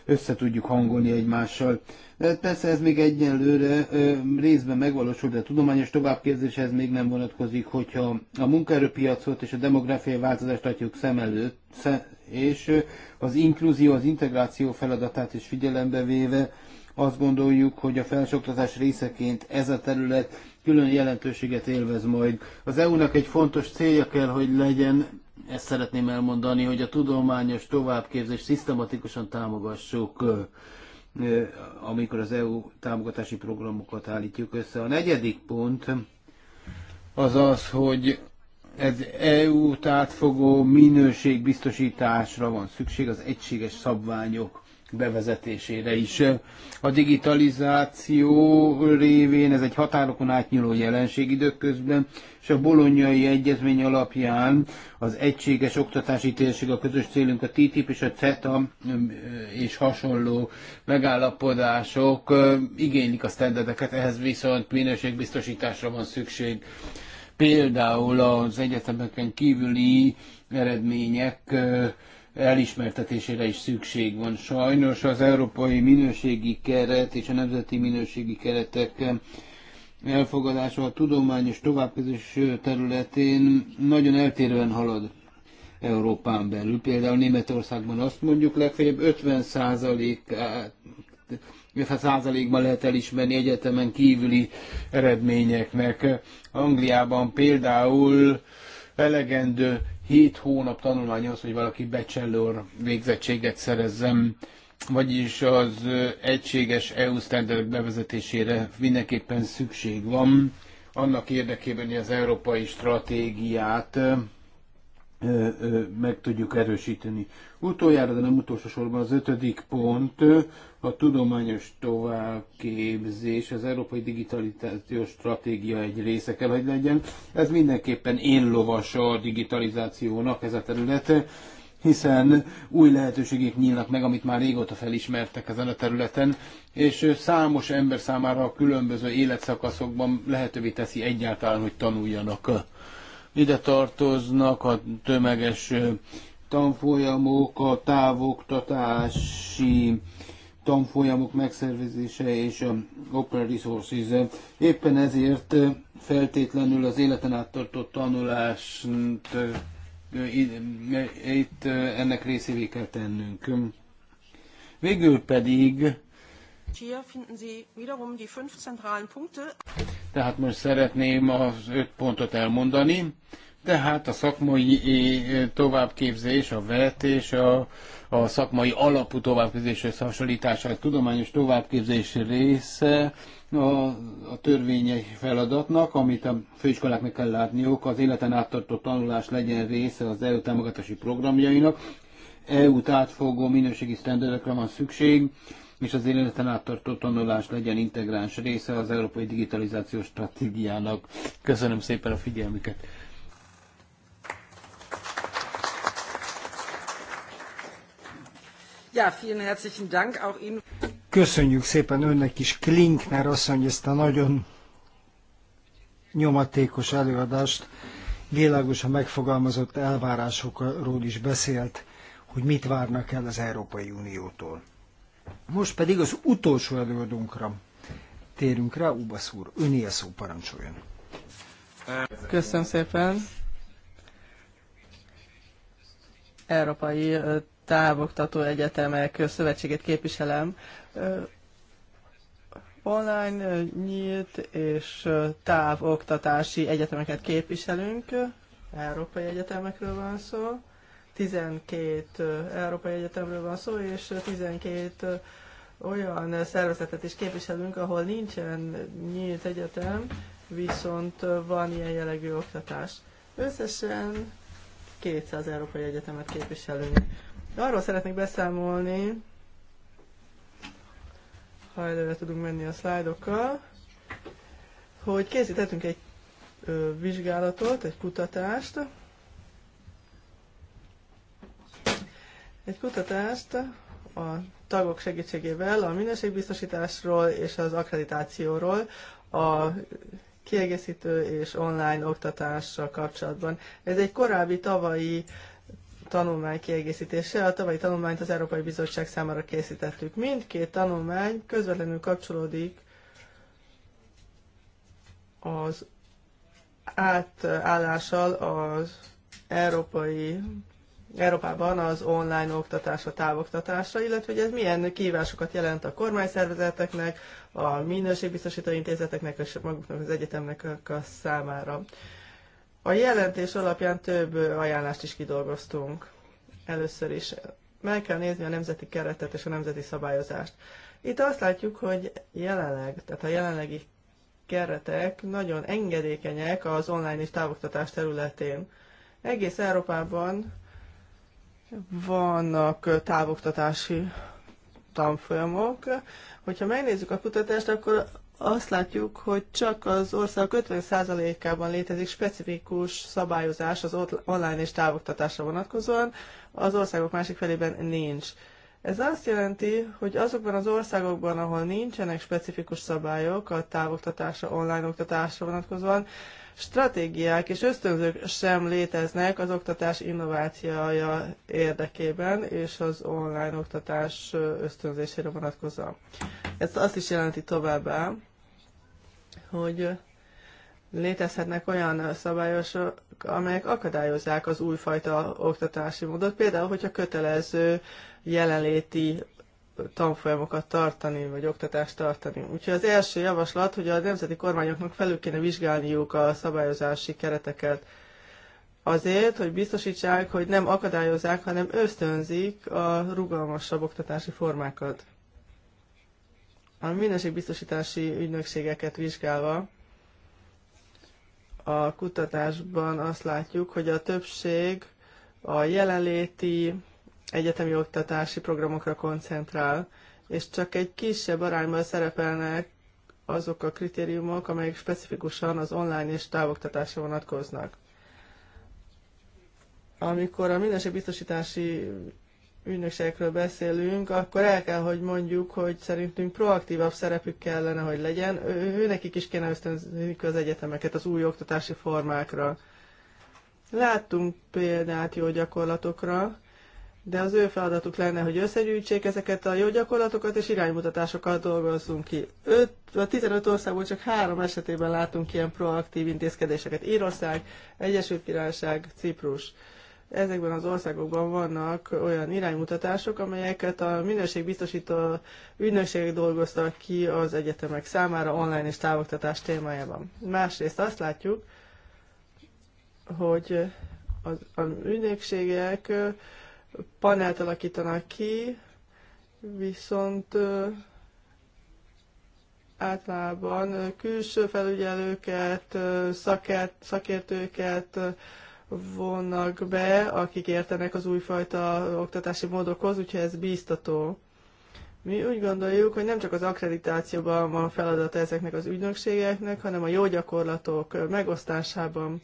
össze tudjuk hangolni egymással. Persze ez még egyenlőre részben megvalósul, de a tudományos továbbképzéshez még nem vonatkozik, hogyha a munkaerőpiacot és a demográfiai változást adjuk szem előtt, és az inkluzió, az integráció feladatát is figyelembe véve azt gondoljuk, hogy a felsőoktatás részeként ez a terület külön jelentőséget élvez majd. Az EU-nak egy fontos célja kell, hogy legyen, ezt szeretném elmondani, hogy a tudományos továbbképzést szisztematikusan támogassuk amikor az EU támogatási programokat állítjuk össze. A negyedik pont az az, hogy egy EU-t átfogó minőségbiztosításra van szükség az egységes szabványok bevezetésére is. A digitalizáció révén ez egy határokon átnyúló jelenség időközben, és a bolonyai egyezmény alapján az egységes oktatási térség a közös célunk a TTIP és a CETA és hasonló megállapodások igénylik a standardeket, ehhez viszont minőségbiztosításra van szükség például az egyetemeken kívüli eredmények elismertetésére is szükség van. Sajnos az európai minőségi keret és a nemzeti minőségi keretek elfogadása a tudomány és területén nagyon eltérően halad Európán belül. Például Németországban azt mondjuk legfeljebb 50 át Hát százalékban lehet elismerni egyetemen kívüli eredményeknek. Angliában például elegendő 7 hónap tanulmány az, hogy valaki bachelor végzettséget szerezzen, vagyis az egységes EU standardok bevezetésére mindenképpen szükség van annak érdekében, hogy az európai stratégiát meg tudjuk erősíteni. Utoljára, de nem utolsó sorban az ötödik pont, a tudományos továbbképzés, az Európai Digitalizációs Stratégia egy része kell, hogy legyen. Ez mindenképpen én lovasa a digitalizációnak ez a területe, hiszen új lehetőségek nyílnak meg, amit már régóta felismertek ezen a területen, és számos ember számára a különböző életszakaszokban lehetővé teszi egyáltalán, hogy tanuljanak ide tartoznak a tömeges tanfolyamok, a távoktatási tanfolyamok megszervezése és a Open Resources. Éppen ezért feltétlenül az életen át tartott tanulást itt ennek részévé kell tennünk. Végül pedig tehát most szeretném az öt pontot elmondani. Tehát a szakmai eh, továbbképzés, a vetés, a, a szakmai alapú továbbképzés összehasonlítása, a tudományos továbbképzés része a, a törvényes feladatnak, amit a főiskoláknak kell látniuk, az életen áttartó tanulás legyen része az EU támogatási programjainak, EU-t átfogó minőségi sztenderekre van szükség, és az életen áttartó tanulás legyen integráns része az Európai Digitalizációs Stratégiának. Köszönöm szépen a figyelmüket! Ja, vielen herzlichen Dank auch Ihnen. Köszönjük szépen önnek is, Klinkner asszony, ezt a nagyon nyomatékos előadást. Világosan megfogalmazott elvárásokról is beszélt, hogy mit várnak el az Európai Uniótól. Most pedig az utolsó előadónkra térünk rá, Ubasz úr, öné a szó parancsoljon. Köszönöm szépen. Európai Távoktató Egyetemek Szövetségét képviselem. Online nyílt és távoktatási egyetemeket képviselünk. Európai egyetemekről van szó 12 európai egyetemről van szó, és 12 olyan szervezetet is képviselünk, ahol nincsen nyílt egyetem, viszont van ilyen jellegű oktatás. Összesen 200 európai egyetemet képviselünk. Arról szeretnék beszámolni, ha előre tudunk menni a szlájdokkal, hogy készítettünk egy vizsgálatot, egy kutatást, Egy kutatást a tagok segítségével a minőségbiztosításról és az akkreditációról a kiegészítő és online oktatással kapcsolatban. Ez egy korábbi tavalyi tanulmány kiegészítése. A tavalyi tanulmányt az Európai Bizottság számára készítettük. Mindkét tanulmány közvetlenül kapcsolódik az átállással az európai Európában az online oktatásra, távoktatásra, illetve hogy ez milyen kívásokat jelent a kormányszervezeteknek, a minőségbiztosító intézeteknek és maguknak az egyetemnek a számára. A jelentés alapján több ajánlást is kidolgoztunk. Először is meg kell nézni a nemzeti keretet és a nemzeti szabályozást. Itt azt látjuk, hogy jelenleg, tehát a jelenlegi keretek nagyon engedékenyek az online és távoktatás területén. Egész Európában vannak távoktatási tanfolyamok. Hogyha megnézzük a kutatást, akkor azt látjuk, hogy csak az ország 50%-ában létezik specifikus szabályozás az online és távoktatásra vonatkozóan, az országok másik felében nincs. Ez azt jelenti, hogy azokban az országokban, ahol nincsenek specifikus szabályok a távoktatásra, online oktatásra vonatkozóan, stratégiák és ösztönzők sem léteznek az oktatás innovációja érdekében és az online oktatás ösztönzésére vonatkozóan. Ez azt is jelenti továbbá, hogy létezhetnek olyan szabályosok, amelyek akadályozzák az újfajta oktatási módot. Például, hogyha kötelező jelenléti tanfolyamokat tartani, vagy oktatást tartani. Úgyhogy az első javaslat, hogy a nemzeti kormányoknak felül kéne vizsgálniuk a szabályozási kereteket azért, hogy biztosítsák, hogy nem akadályozzák, hanem ösztönzik a rugalmasabb oktatási formákat. A minőségbiztosítási ügynökségeket vizsgálva a kutatásban azt látjuk, hogy a többség a jelenléti egyetemi oktatási programokra koncentrál, és csak egy kisebb arányban szerepelnek azok a kritériumok, amelyek specifikusan az online és távoktatásra vonatkoznak. Amikor a minőségbiztosítási ügynökségekről beszélünk, akkor el kell, hogy mondjuk, hogy szerintünk proaktívabb szerepük kellene, hogy legyen. Ő, nekik is kéne ösztönözni az egyetemeket az új oktatási formákra. Láttunk példát jó gyakorlatokra, de az ő feladatuk lenne, hogy összegyűjtsék ezeket a jó gyakorlatokat, és iránymutatásokat dolgozzunk ki. 5, a 15 országból csak három esetében látunk ilyen proaktív intézkedéseket. Írország, Egyesült Királyság, Ciprus. Ezekben az országokban vannak olyan iránymutatások, amelyeket a minőségbiztosító ügynökség dolgoztak ki az egyetemek számára online és távoktatás témájában. Másrészt azt látjuk, hogy az, az ügynökségek panelt alakítanak ki, viszont általában külső felügyelőket, szakert, szakértőket vonnak be, akik értenek az újfajta oktatási módokhoz, úgyhogy ez bíztató. Mi úgy gondoljuk, hogy nem csak az akkreditációban van feladata ezeknek az ügynökségeknek, hanem a jó gyakorlatok megosztásában,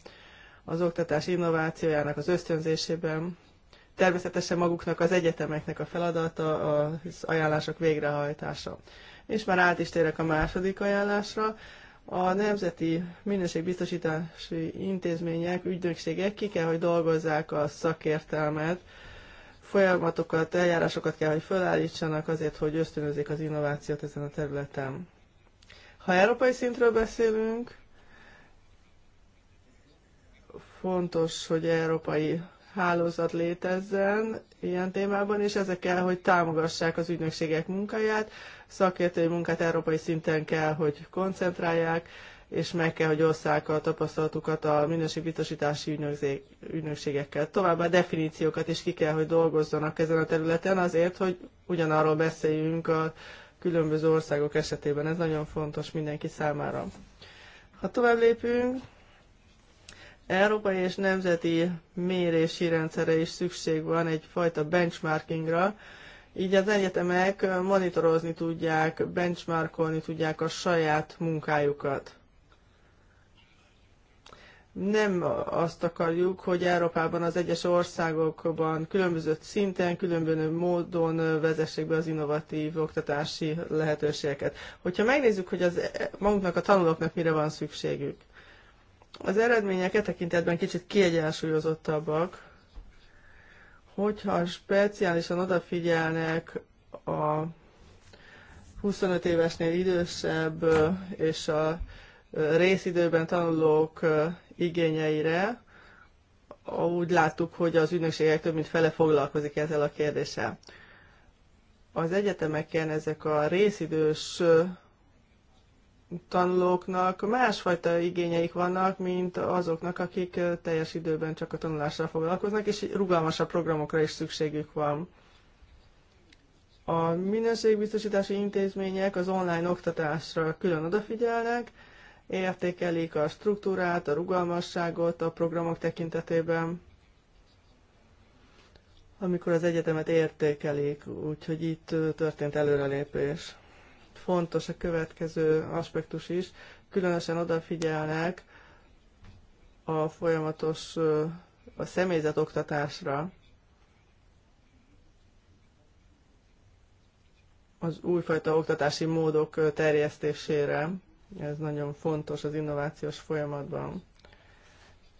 az oktatás innovációjának az ösztönzésében természetesen maguknak az egyetemeknek a feladata az ajánlások végrehajtása. És már át is térek a második ajánlásra. A Nemzeti Minőségbiztosítási Intézmények, ügynökségek ki kell, hogy dolgozzák a szakértelmet, folyamatokat, eljárásokat kell, hogy felállítsanak azért, hogy ösztönözzék az innovációt ezen a területen. Ha európai szintről beszélünk, fontos, hogy európai hálózat létezzen ilyen témában, és ezek kell, hogy támogassák az ügynökségek munkáját, szakértői munkát európai szinten kell, hogy koncentrálják, és meg kell, hogy osszák a tapasztalatukat a minőségbiztosítási ügynökségekkel. Továbbá a definíciókat is ki kell, hogy dolgozzanak ezen a területen azért, hogy ugyanarról beszéljünk a különböző országok esetében. Ez nagyon fontos mindenki számára. Ha tovább lépünk, Európai és nemzeti mérési rendszere is szükség van egyfajta benchmarkingra, így az egyetemek monitorozni tudják, benchmarkolni tudják a saját munkájukat. Nem azt akarjuk, hogy Európában az egyes országokban különböző szinten, különböző módon vezessék be az innovatív oktatási lehetőségeket. Hogyha megnézzük, hogy az e- maguknak a tanulóknak mire van szükségük, az eredmények e tekintetben kicsit kiegyensúlyozottabbak, hogyha speciálisan odafigyelnek a 25 évesnél idősebb és a részidőben tanulók igényeire, úgy láttuk, hogy az ügynökségek több mint fele foglalkozik ezzel a kérdéssel. Az egyetemeken ezek a részidős tanulóknak másfajta igényeik vannak, mint azoknak, akik teljes időben csak a tanulással foglalkoznak, és rugalmasabb programokra is szükségük van. A minőségbiztosítási intézmények az online oktatásra külön odafigyelnek, értékelik a struktúrát, a rugalmasságot a programok tekintetében, amikor az egyetemet értékelik, úgyhogy itt történt előrelépés fontos a következő aspektus is, különösen odafigyelnek a folyamatos a személyzet oktatásra. az újfajta oktatási módok terjesztésére. Ez nagyon fontos az innovációs folyamatban.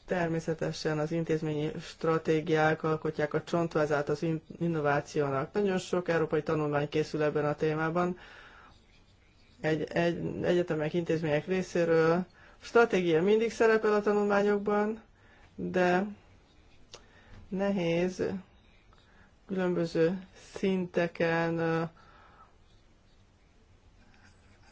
Természetesen az intézményi stratégiák alkotják a csontvázát az innovációnak. Nagyon sok európai tanulmány készül ebben a témában, egy, egy, egyetemek, intézmények részéről. A stratégia mindig szerepel a tanulmányokban, de nehéz különböző szinteken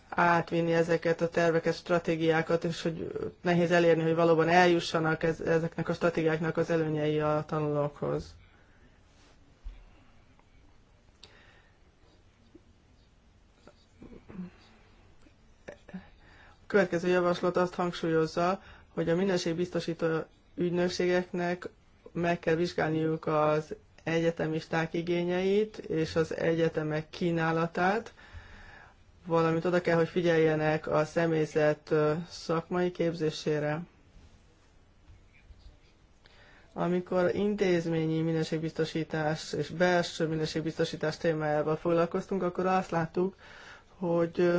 átvinni ezeket a terveket, stratégiákat, és hogy nehéz elérni, hogy valóban eljussanak ez, ezeknek a stratégiáknak az előnyei a tanulókhoz. következő javaslat azt hangsúlyozza, hogy a minőségbiztosító ügynökségeknek meg kell vizsgálniuk az egyetemisták igényeit és az egyetemek kínálatát, valamint oda kell, hogy figyeljenek a személyzet szakmai képzésére. Amikor intézményi minőségbiztosítás és belső minőségbiztosítás témájával foglalkoztunk, akkor azt láttuk, hogy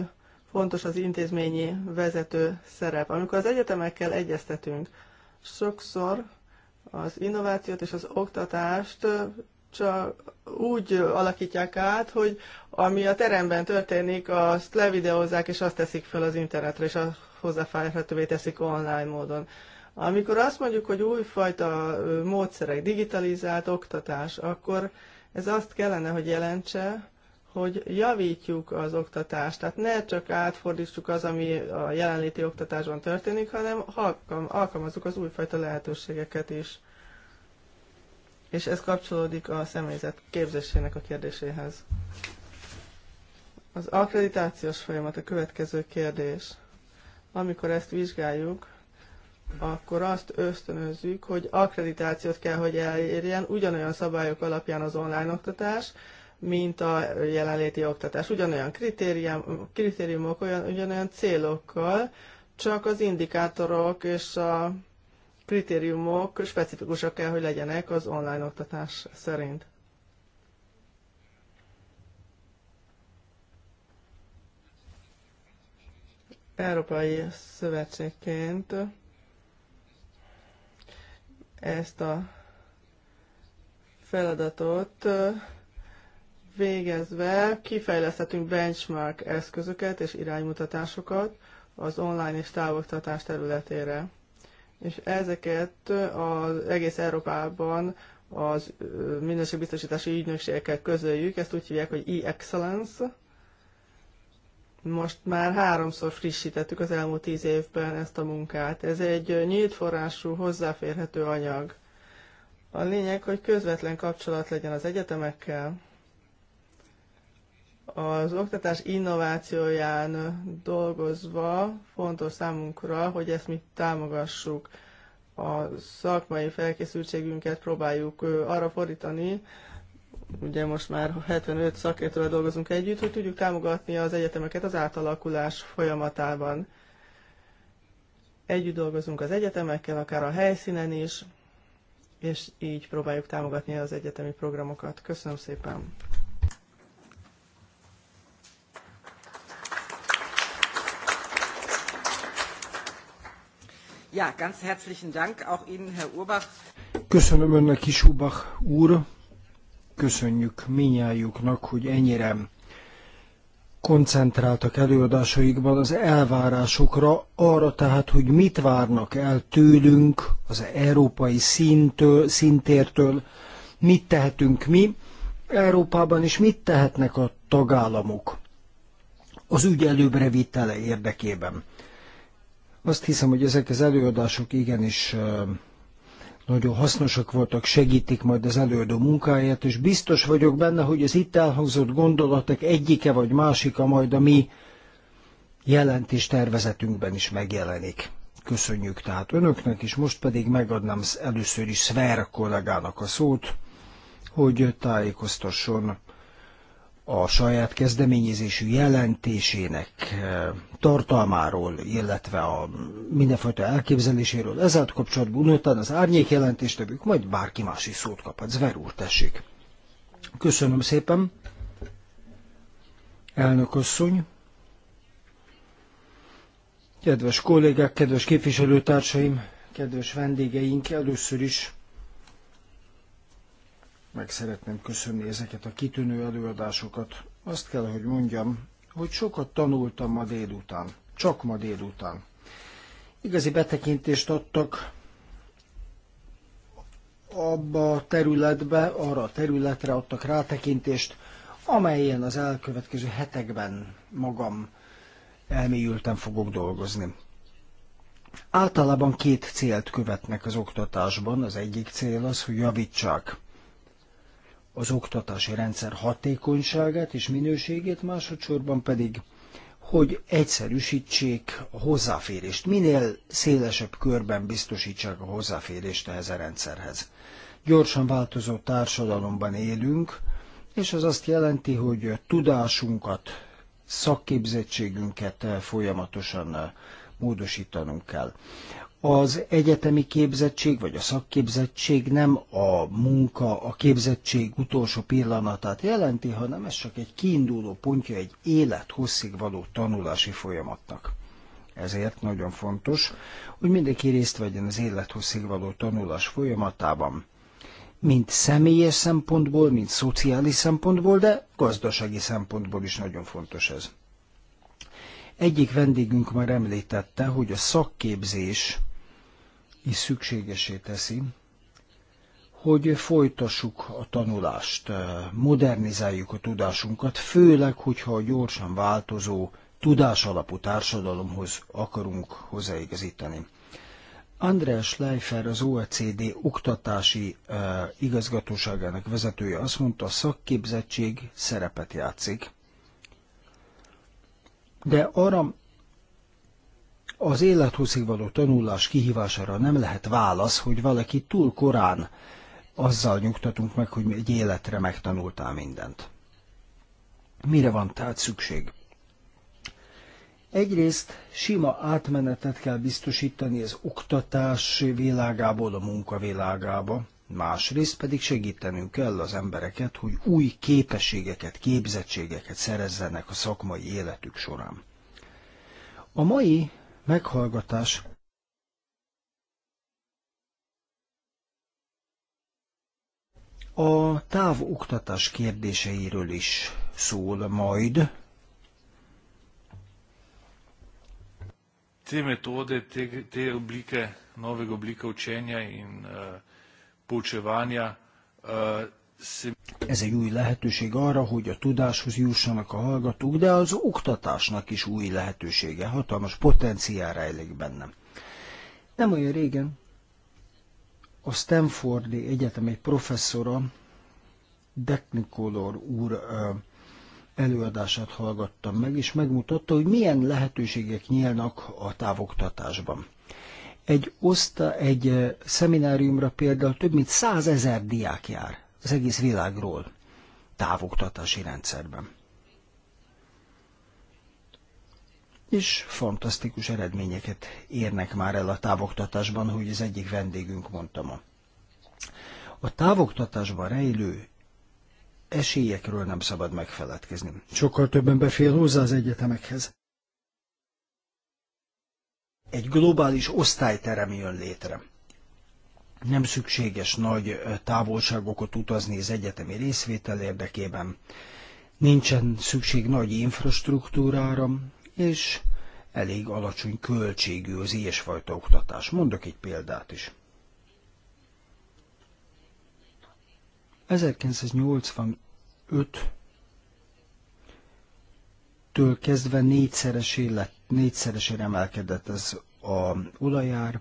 fontos az intézményi vezető szerep. Amikor az egyetemekkel egyeztetünk, sokszor az innovációt és az oktatást csak úgy alakítják át, hogy ami a teremben történik, azt levideozzák, és azt teszik fel az internetre, és azt hozzáférhetővé teszik online módon. Amikor azt mondjuk, hogy újfajta módszerek, digitalizált oktatás, akkor ez azt kellene, hogy jelentse, hogy javítjuk az oktatást. Tehát ne csak átfordítsuk az, ami a jelenléti oktatásban történik, hanem alkalmazzuk az újfajta lehetőségeket is. És ez kapcsolódik a személyzet képzésének a kérdéséhez. Az akkreditációs folyamat a következő kérdés. Amikor ezt vizsgáljuk, akkor azt ösztönözzük, hogy akkreditációt kell, hogy elérjen ugyanolyan szabályok alapján az online oktatás, mint a jelenléti oktatás. Ugyanolyan kritériumok, olyan, ugyanolyan célokkal, csak az indikátorok és a kritériumok specifikusak kell, hogy legyenek az online oktatás szerint. Európai Szövetségként ezt a feladatot végezve kifejlesztettünk benchmark eszközöket és iránymutatásokat az online és távoktatás területére. És ezeket az egész Európában az minőségbiztosítási ügynökségekkel közöljük, ezt úgy hívják, hogy e-excellence. Most már háromszor frissítettük az elmúlt tíz évben ezt a munkát. Ez egy nyílt forrású, hozzáférhető anyag. A lényeg, hogy közvetlen kapcsolat legyen az egyetemekkel, az oktatás innovációján dolgozva fontos számunkra, hogy ezt mi támogassuk. A szakmai felkészültségünket próbáljuk arra fordítani, ugye most már 75 szakértővel dolgozunk együtt, hogy tudjuk támogatni az egyetemeket az átalakulás folyamatában. Együtt dolgozunk az egyetemekkel, akár a helyszínen is, és így próbáljuk támogatni az egyetemi programokat. Köszönöm szépen! Ja, ganz herzlichen Dank auch Ihnen, Herr Urbach. Köszönöm önnek is, Urbach úr. Köszönjük minnyájuknak, hogy ennyire koncentráltak előadásaikban az elvárásokra, arra tehát, hogy mit várnak el tőlünk, az európai szintől, szintértől, mit tehetünk mi Európában, és mit tehetnek a tagállamok az ügy előbbre vitele érdekében. Azt hiszem, hogy ezek az előadások igenis nagyon hasznosak voltak, segítik majd az előadó munkáját, és biztos vagyok benne, hogy az itt elhangzott gondolatok egyike vagy másika majd a mi jelentés tervezetünkben is megjelenik. Köszönjük tehát önöknek, és most pedig megadnám először is Sver kollégának a szót, hogy tájékoztasson a saját kezdeményezésű jelentésének eh, tartalmáról, illetve a mindenfajta elképzeléséről. Ezzel kapcsolatban utána az árnyék többük, majd bárki más is szót kaphat. Zver úr, tessék. Köszönöm szépen. Elnök asszony. Kedves kollégák, kedves képviselőtársaim, kedves vendégeink, először is meg szeretném köszönni ezeket a kitűnő előadásokat. Azt kell, hogy mondjam, hogy sokat tanultam ma délután. Csak ma délután. Igazi betekintést adtak abba a területbe, arra a területre adtak rátekintést, amelyen az elkövetkező hetekben magam elmélyülten fogok dolgozni. Általában két célt követnek az oktatásban. Az egyik cél az, hogy javítsák az oktatási rendszer hatékonyságát és minőségét, másodszorban pedig, hogy egyszerűsítsék a hozzáférést, minél szélesebb körben biztosítsák a hozzáférést ehhez a rendszerhez. Gyorsan változó társadalomban élünk, és az azt jelenti, hogy tudásunkat, szakképzettségünket folyamatosan módosítanunk kell az egyetemi képzettség vagy a szakképzettség nem a munka, a képzettség utolsó pillanatát jelenti, hanem ez csak egy kiinduló pontja egy hosszig való tanulási folyamatnak. Ezért nagyon fontos, hogy mindenki részt vegyen az hosszig való tanulás folyamatában, mint személyes szempontból, mint szociális szempontból, de gazdasági szempontból is nagyon fontos ez. Egyik vendégünk már említette, hogy a szakképzés is szükségesé teszi, hogy folytassuk a tanulást, eh, modernizáljuk a tudásunkat, főleg, hogyha a gyorsan változó, tudásalapú társadalomhoz akarunk hozzáigazítani. András Leifer, az OECD oktatási uh, igazgatóságának vezetője azt mondta, a szakképzettség szerepet játszik. De arra az élethosszig való tanulás kihívására nem lehet válasz, hogy valaki túl korán azzal nyugtatunk meg, hogy egy életre megtanultál mindent. Mire van tehát szükség? Egyrészt sima átmenetet kell biztosítani az oktatás világából a munka világába, másrészt pedig segítenünk kell az embereket, hogy új képességeket, képzettségeket szerezzenek a szakmai életük során. A mai meghallgatás a távoktatás kérdéseiről is szól majd. Te metode, te, te oblike novega oblika učenja in uh, poučevanja uh, ez egy új lehetőség arra, hogy a tudáshoz jussanak a hallgatók, de az oktatásnak is új lehetősége, hatalmas potenciál rejlik bennem. Nem olyan régen a Stanfordi Egyetem egy professzora, Deknikolor úr előadását hallgattam meg, és megmutatta, hogy milyen lehetőségek nyílnak a távoktatásban. Egy oszta, egy szemináriumra például több mint százezer diák jár az egész világról távoktatási rendszerben. És fantasztikus eredményeket érnek már el a távoktatásban, hogy az egyik vendégünk mondta ma. A távoktatásban rejlő esélyekről nem szabad megfeledkezni. Sokkal többen befél hozzá az egyetemekhez. Egy globális osztályterem jön létre nem szükséges nagy távolságokat utazni az egyetemi részvétel érdekében, nincsen szükség nagy infrastruktúrára, és elég alacsony költségű az ilyesfajta oktatás. Mondok egy példát is. 1985 től kezdve négyszeres élet, négyszeresére emelkedett az a olajár,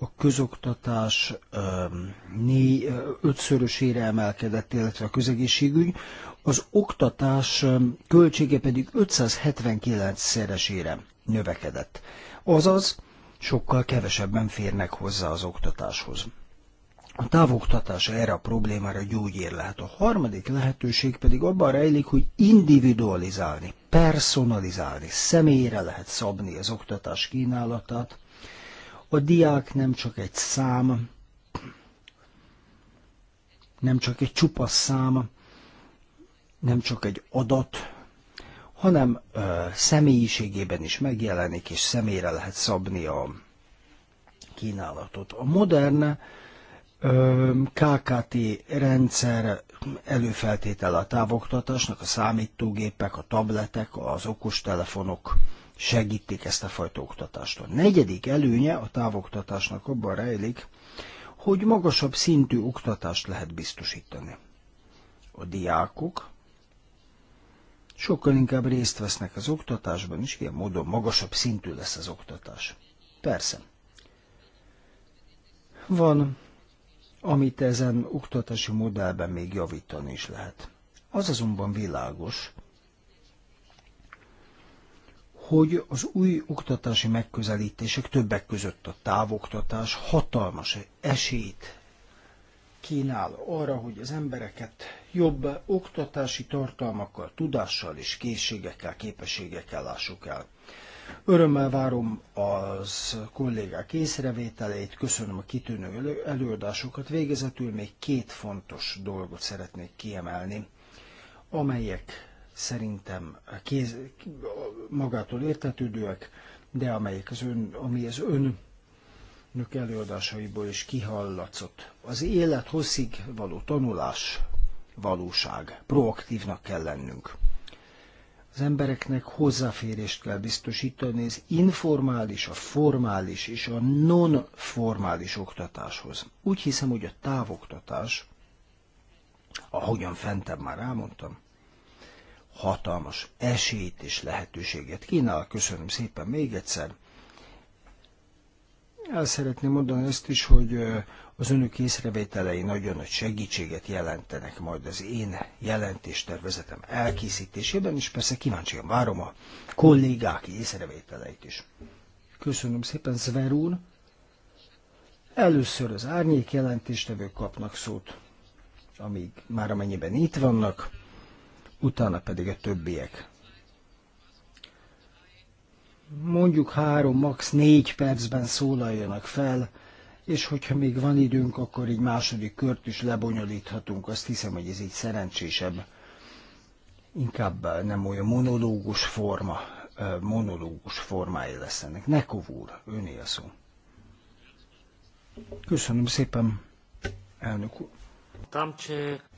a közoktatás né, ötszörösére emelkedett, illetve a közegészségügy, az oktatás költsége pedig 579-szeresére növekedett. Azaz, sokkal kevesebben férnek hozzá az oktatáshoz. A távoktatás erre a problémára gyógyír lehet. A harmadik lehetőség pedig abban rejlik, hogy individualizálni, personalizálni, személyre lehet szabni az oktatás kínálatát, a diák nem csak egy szám, nem csak egy csupasz szám, nem csak egy adat, hanem ö, személyiségében is megjelenik, és személyre lehet szabni a kínálatot. A modern ö, KKT rendszer előfeltétele a távoktatásnak, a számítógépek, a tabletek, az okostelefonok, telefonok segítik ezt a fajta oktatást. A negyedik előnye a távoktatásnak abban rejlik, hogy magasabb szintű oktatást lehet biztosítani. A diákok sokkal inkább részt vesznek az oktatásban, és ilyen módon magasabb szintű lesz az oktatás. Persze. Van, amit ezen oktatási modellben még javítani is lehet. Az azonban világos, hogy az új oktatási megközelítések többek között a távoktatás hatalmas esélyt kínál arra, hogy az embereket jobb oktatási tartalmakkal, tudással és készségekkel, képességekkel lássuk el. Örömmel várom az kollégák észrevételeit, köszönöm a kitűnő előadásokat. Végezetül még két fontos dolgot szeretnék kiemelni, amelyek szerintem kéz, magától értetődőek, de amelyek az ön, ami az ön nök előadásaiból is kihallatszott. Az élet hosszig való tanulás valóság. Proaktívnak kell lennünk. Az embereknek hozzáférést kell biztosítani az informális, a formális és a non-formális oktatáshoz. Úgy hiszem, hogy a távoktatás, ahogyan fentem már elmondtam, hatalmas esélyt és lehetőséget kínál. Köszönöm szépen még egyszer. El szeretném mondani ezt is, hogy az önök észrevételei nagyon nagy segítséget jelentenek majd az én jelentéstervezetem elkészítésében, és persze kíváncsian várom a kollégák észrevételeit is. Köszönöm szépen, Zver úr. Először az árnyék jelentéstevők kapnak szót, amíg már amennyiben itt vannak utána pedig a többiek. Mondjuk három, max. négy percben szólaljanak fel, és hogyha még van időnk, akkor egy második kört is lebonyolíthatunk. Azt hiszem, hogy ez így szerencsésebb, inkább nem olyan monológus forma, monológus formája lesz ennek. Ne kovúr, a szó. Köszönöm szépen, elnök úr. Tamcsék.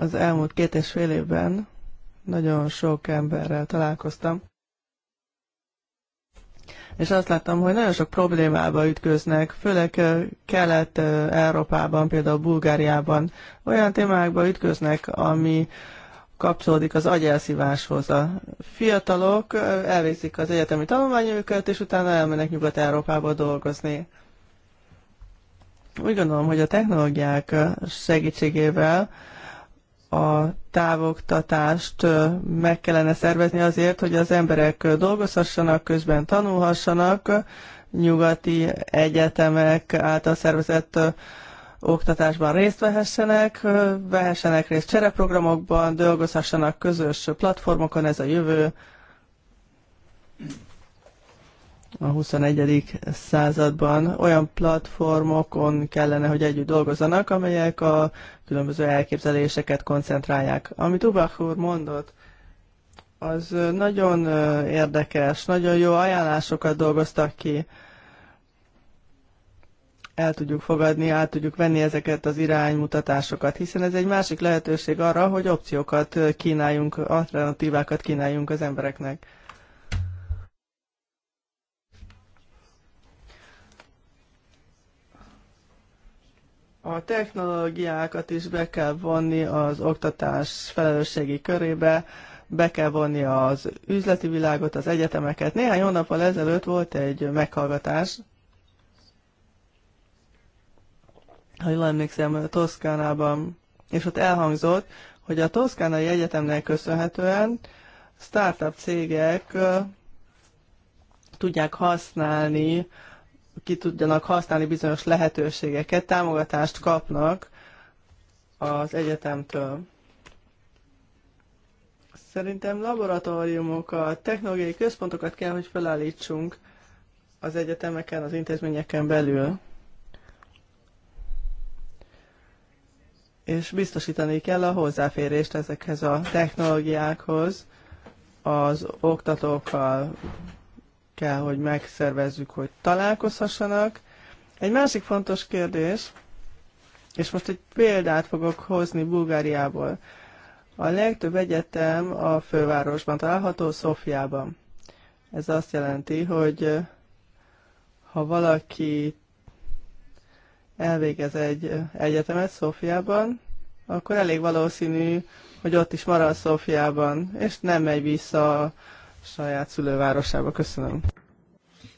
Az elmúlt két és fél évben nagyon sok emberrel találkoztam, és azt láttam, hogy nagyon sok problémába ütköznek, főleg Kelet-Európában, például Bulgáriában olyan témákba ütköznek, ami kapcsolódik az agyelszíváshoz. A fiatalok elvészik az egyetemi tanulmányokat, és utána elmennek Nyugat-Európába dolgozni. Úgy gondolom, hogy a technológiák segítségével a távoktatást meg kellene szervezni azért, hogy az emberek dolgozhassanak, közben tanulhassanak, nyugati egyetemek által szervezett oktatásban részt vehessenek, vehessenek részt csereprogramokban, dolgozhassanak közös platformokon, ez a jövő a 21. században olyan platformokon kellene, hogy együtt dolgozzanak, amelyek a különböző elképzeléseket koncentrálják. Amit Ubach úr mondott, az nagyon érdekes, nagyon jó ajánlásokat dolgoztak ki. El tudjuk fogadni, el tudjuk venni ezeket az iránymutatásokat, hiszen ez egy másik lehetőség arra, hogy opciókat kínáljunk, alternatívákat kínáljunk az embereknek. A technológiákat is be kell vonni az oktatás felelősségi körébe, be kell vonni az üzleti világot, az egyetemeket. Néhány hónappal ezelőtt volt egy meghallgatás, ha jól emlékszem, a Toszkánában, és ott elhangzott, hogy a Toszkánai Egyetemnek köszönhetően startup cégek tudják használni ki tudjanak használni bizonyos lehetőségeket, támogatást kapnak az egyetemtől. Szerintem laboratóriumokat, technológiai központokat kell, hogy felállítsunk az egyetemeken, az intézményeken belül. És biztosítani kell a hozzáférést ezekhez a technológiákhoz az oktatókkal, kell, hogy megszervezzük, hogy találkozhassanak. Egy másik fontos kérdés, és most egy példát fogok hozni Bulgáriából. A legtöbb egyetem a fővárosban található, Szofiában. Ez azt jelenti, hogy eh, ha valaki elvégez egy eh, egyetemet Szófiában, akkor elég valószínű, hogy ott is marad Szófiában, és nem megy vissza saját szülővárosába. Köszönöm.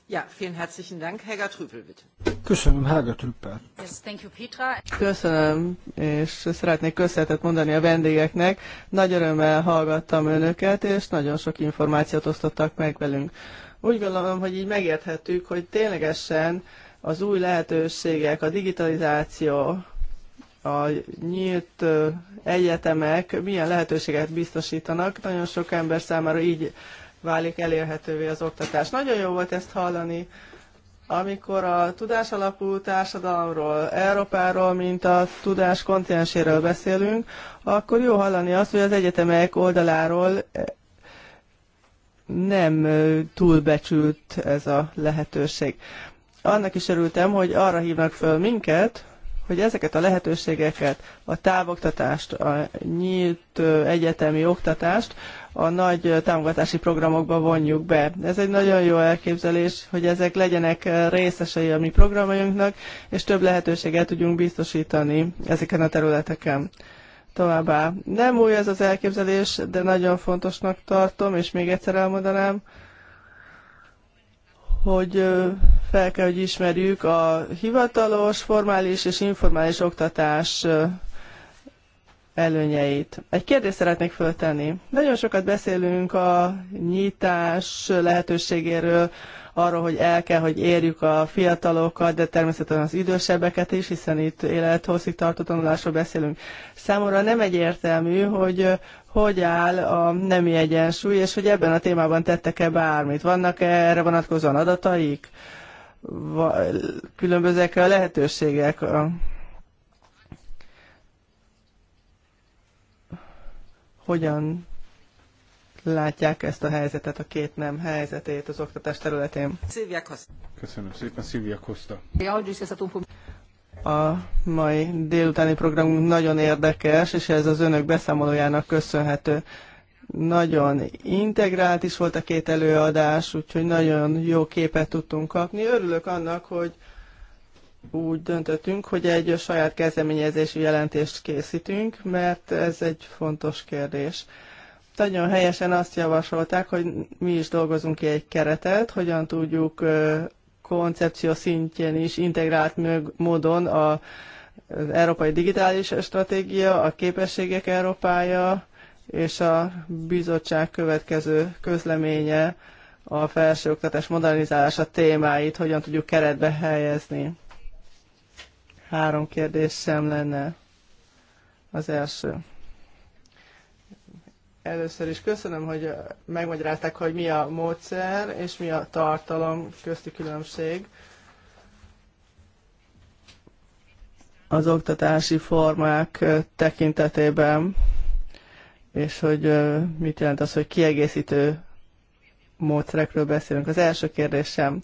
Ja, vielen herzlichen Dank. Helga Trüppel, bitte. Köszönöm, Helga Trüppel. Yes, thank you, Petra. Köszönöm, és szeretnék köszönetet mondani a vendégeknek. Nagy örömmel hallgattam önöket, és nagyon sok információt osztottak meg velünk. Úgy gondolom, hogy így megérthettük, hogy ténylegesen az új lehetőségek, a digitalizáció, a nyílt egyetemek milyen lehetőséget biztosítanak. Nagyon sok ember számára így válik elérhetővé az oktatás. Nagyon jó volt ezt hallani, amikor a tudásalapú társadalomról, Európáról, mint a tudás kontinenséről beszélünk, akkor jó hallani azt, hogy az egyetemek oldaláról eh, nem eh, túlbecsült ez a lehetőség. Annak is örültem, hogy arra hívnak föl minket, hogy ezeket a lehetőségeket, a távoktatást, a nyílt eh, egyetemi oktatást a nagy támogatási programokba vonjuk be. Ez egy nagyon jó elképzelés, hogy ezek legyenek részesei a mi programjainknak, és több lehetőséget tudjunk biztosítani ezeken a területeken. Továbbá nem új ez az elképzelés, de nagyon fontosnak tartom, és még egyszer elmondanám, hogy fel kell, hogy ismerjük a hivatalos, formális és informális oktatás előnyeit. Egy kérdést szeretnék föltenni. Nagyon sokat beszélünk a nyitás lehetőségéről, arról, hogy el kell, hogy érjük a fiatalokat, de természetesen az idősebbeket is, hiszen itt élethosszig tartó tanulásról beszélünk. Számomra nem egyértelmű, hogy hogy áll a nemi egyensúly, és hogy ebben a témában tettek-e bármit. Vannak -e erre vonatkozóan adataik? Különbözőek a lehetőségek Hogyan látják ezt a helyzetet, a két nem helyzetét az oktatás területén? Costa. Köszönöm szépen, Szilvia Costa. A mai délutáni programunk nagyon érdekes, és ez az önök beszámolójának köszönhető nagyon integrált is volt a két előadás, úgyhogy nagyon jó képet tudtunk kapni. Örülök annak, hogy úgy döntöttünk, hogy egy saját kezdeményezésű jelentést készítünk, mert ez egy fontos kérdés. Nagyon helyesen azt javasolták, hogy mi is dolgozunk ki egy keretet, hogyan tudjuk koncepció szintjén is integrált módon a, az Európai Digitális Stratégia, a Képességek Európája és a bizottság következő közleménye a felsőoktatás modernizálása témáit hogyan tudjuk keretbe helyezni Három kérdésem lenne. Az első. Először is köszönöm, hogy megmagyarázták, hogy mi a módszer és mi a tartalom közti különbség. Az oktatási formák tekintetében, és hogy mit jelent az, hogy kiegészítő módszerekről beszélünk. Az első kérdésem.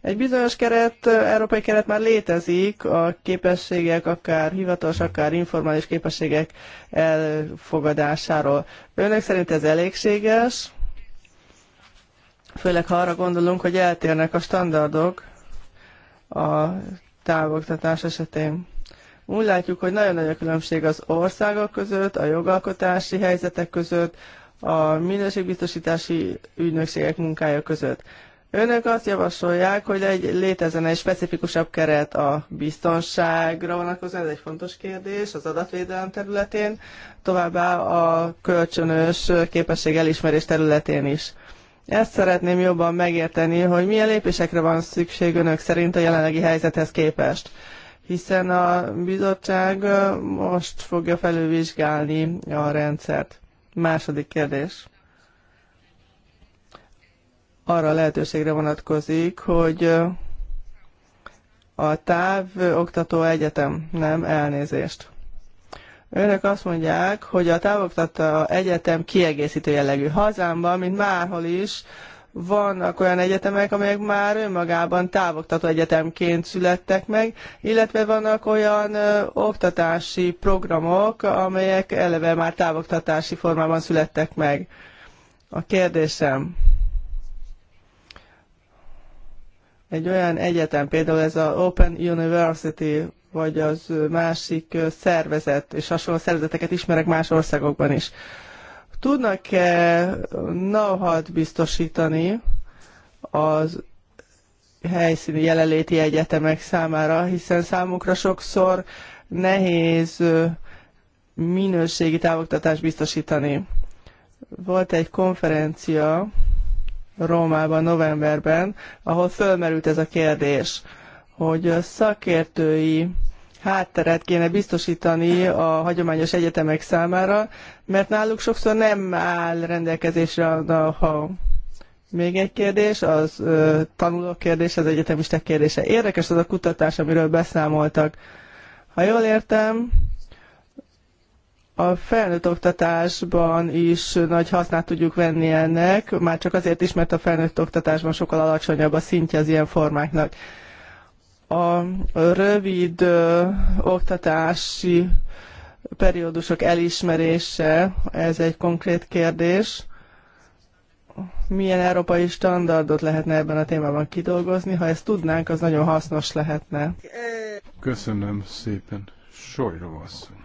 Egy bizonyos keret, európai keret már létezik, a képességek, akár hivatalos, akár informális képességek elfogadásáról. Önök szerint ez elégséges? Főleg ha arra gondolunk, hogy eltérnek a standardok a távoktatás esetén. Úgy látjuk, hogy nagyon nagy a különbség az országok között, a jogalkotási helyzetek között, a minőségbiztosítási ügynökségek munkája között. Önök azt javasolják, hogy egy, létezzen egy specifikusabb keret a biztonságra vonatkozóan, ez egy fontos kérdés az adatvédelem területén, továbbá a kölcsönös képesség elismerés területén is. Ezt szeretném jobban megérteni, hogy milyen lépésekre van szükség önök szerint a jelenlegi helyzethez képest hiszen a bizottság most fogja felülvizsgálni a rendszert. Második kérdés. Arra a lehetőségre vonatkozik, hogy a táv oktató egyetem, nem elnézést. Önök azt mondják, hogy a távoktató egyetem kiegészítő jellegű hazámban, mint márhol is, vannak olyan egyetemek, amelyek már önmagában távoktató egyetemként születtek meg, illetve vannak olyan ö, oktatási programok, amelyek eleve már távoktatási formában születtek meg. A kérdésem, egy olyan egyetem, például ez az Open University, vagy az másik szervezet, és hasonló szervezeteket ismerek más országokban is. Tudnak-e biztosítani az helyszíni jelenléti egyetemek számára, hiszen számukra sokszor nehéz minőségi távoktatást biztosítani. Volt egy konferencia Rómában novemberben, ahol fölmerült ez a kérdés, hogy a szakértői hátteret kéne biztosítani a hagyományos egyetemek számára, mert náluk sokszor nem áll rendelkezésre a know-how. Még egy kérdés, az ö, tanulók kérdése, az egyetemisták kérdése. Érdekes az a kutatás, amiről beszámoltak. Ha jól értem, a felnőtt oktatásban is nagy hasznát tudjuk venni ennek, már csak azért is, mert a felnőtt oktatásban sokkal alacsonyabb a szintje az ilyen formáknak a rövid oktatási periódusok elismerése, ez egy konkrét kérdés. Milyen európai standardot lehetne ebben a témában kidolgozni? Ha ezt tudnánk, az nagyon hasznos lehetne. Köszönöm szépen. Sojrov asszony.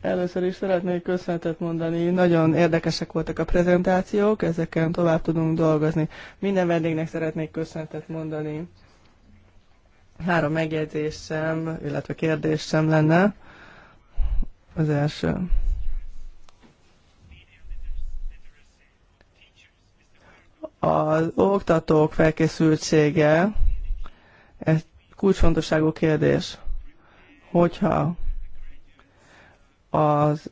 Először is szeretnék köszönetet mondani, nagyon érdekesek voltak a prezentációk, ezeken tovább tudunk dolgozni. Minden vendégnek szeretnék köszönetet mondani. Három megjegyzésem, illetve kérdésem lenne. Az első. Az oktatók felkészültsége, ez kulcsfontosságú kérdés. Hogyha az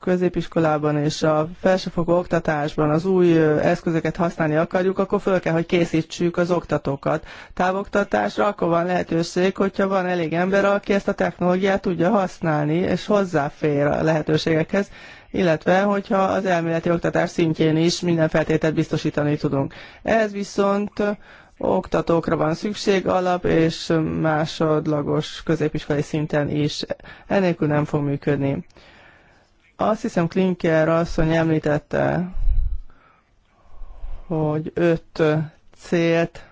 középiskolában és a felsőfokú oktatásban az új eszközöket használni akarjuk, akkor föl kell, hogy készítsük az oktatókat. Távoktatásra akkor van lehetőség, hogyha van elég ember, aki ezt a technológiát tudja használni, és hozzáfér a lehetőségekhez, illetve hogyha az elméleti oktatás szintjén is minden feltételt biztosítani tudunk. Ez viszont oktatókra van szükség alap és másodlagos középiskolai szinten is. Enélkül nem fog működni. Azt hiszem Klinker asszony említette, hogy öt célt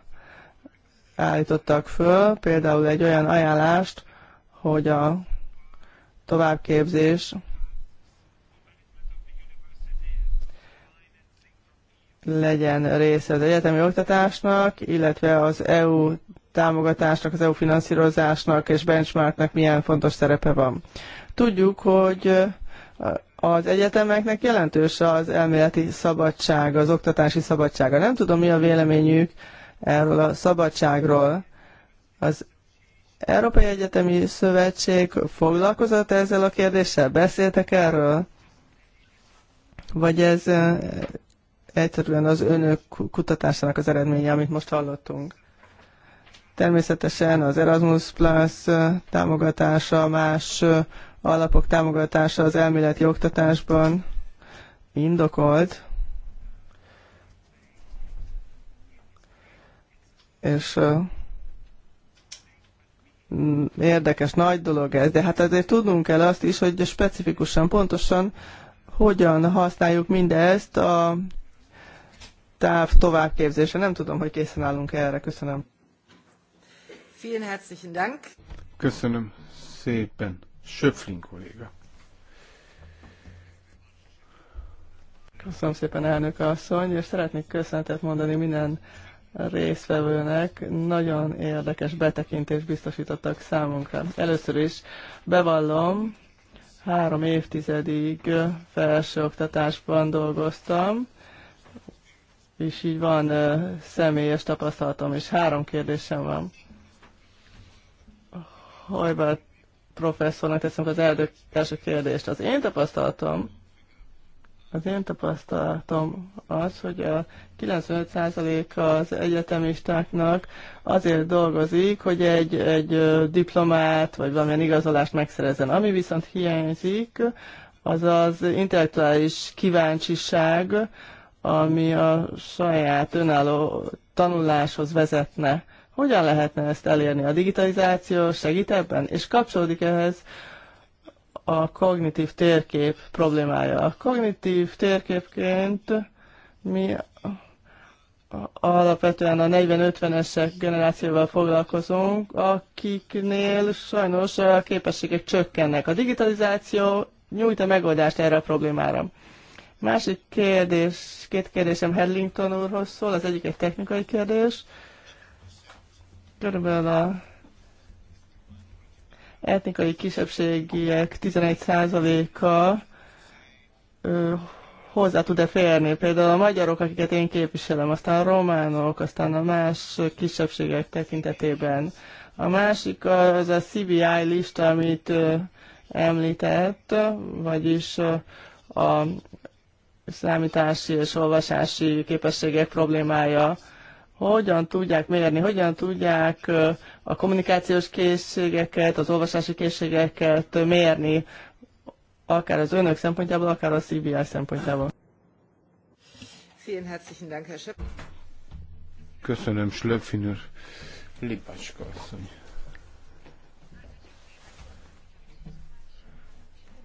állítottak föl, például egy olyan ajánlást, hogy a továbbképzés legyen része az egyetemi oktatásnak, illetve az EU támogatásnak, az EU finanszírozásnak és benchmarknak milyen fontos szerepe van. Tudjuk, hogy az egyetemeknek jelentős az elméleti szabadság, az oktatási szabadsága. Nem tudom, mi a véleményük erről a szabadságról. Az Európai Egyetemi Szövetség foglalkozott ezzel a kérdéssel? Beszéltek erről? Vagy ez egyszerűen az önök kutatásának az eredménye, amit most hallottunk. Természetesen az Erasmus Plus támogatása, más alapok támogatása az elméleti oktatásban indokolt, és mm, érdekes, nagy dolog ez, de hát azért tudnunk kell azt is, hogy specifikusan, pontosan hogyan használjuk mindezt a táv továbbképzése. Nem tudom, hogy készen állunk erre. Köszönöm. Vielen herzlichen Dank. Köszönöm szépen. Söpflin kolléga. Köszönöm szépen, elnök asszony, és szeretnék köszönetet mondani minden résztvevőnek. Nagyon érdekes betekintést biztosítottak számunkra. Először is bevallom, három évtizedig felsőoktatásban dolgoztam, és így van személyes tapasztalatom, és három kérdésem van. Hajbát professzornak teszem az első kérdést. Az én tapasztalatom, az én tapasztalatom az, hogy a 95% az egyetemistáknak azért dolgozik, hogy egy, egy diplomát vagy valamilyen igazolást megszerezzen. Ami viszont hiányzik, az az intellektuális kíváncsiság, ami a saját önálló tanuláshoz vezetne. Hogyan lehetne ezt elérni? A digitalizáció segít ebben? És kapcsolódik ehhez a kognitív térkép problémája. A kognitív térképként mi alapvetően a 40-50-esek generációval foglalkozunk, akiknél sajnos a képességek csökkennek. A digitalizáció nyújt a megoldást erre a problémára. Másik kérdés, két kérdésem Hedlington úrhoz szól, az egyik egy technikai kérdés. Körülbelül a etnikai kisebbségiek 11%-a hozzá tud-e férni. Például a magyarok, akiket én képviselem, aztán a románok, aztán a más kisebbségek tekintetében. A másik az a CBI lista, amit említett, vagyis a számítási és olvasási képességek problémája. Hogyan tudják mérni, hogyan tudják a kommunikációs készségeket, az olvasási készségeket mérni, akár az önök szempontjából, akár a CBI szempontjából? Köszönöm, Slöpfinőr. Lipacska asszony.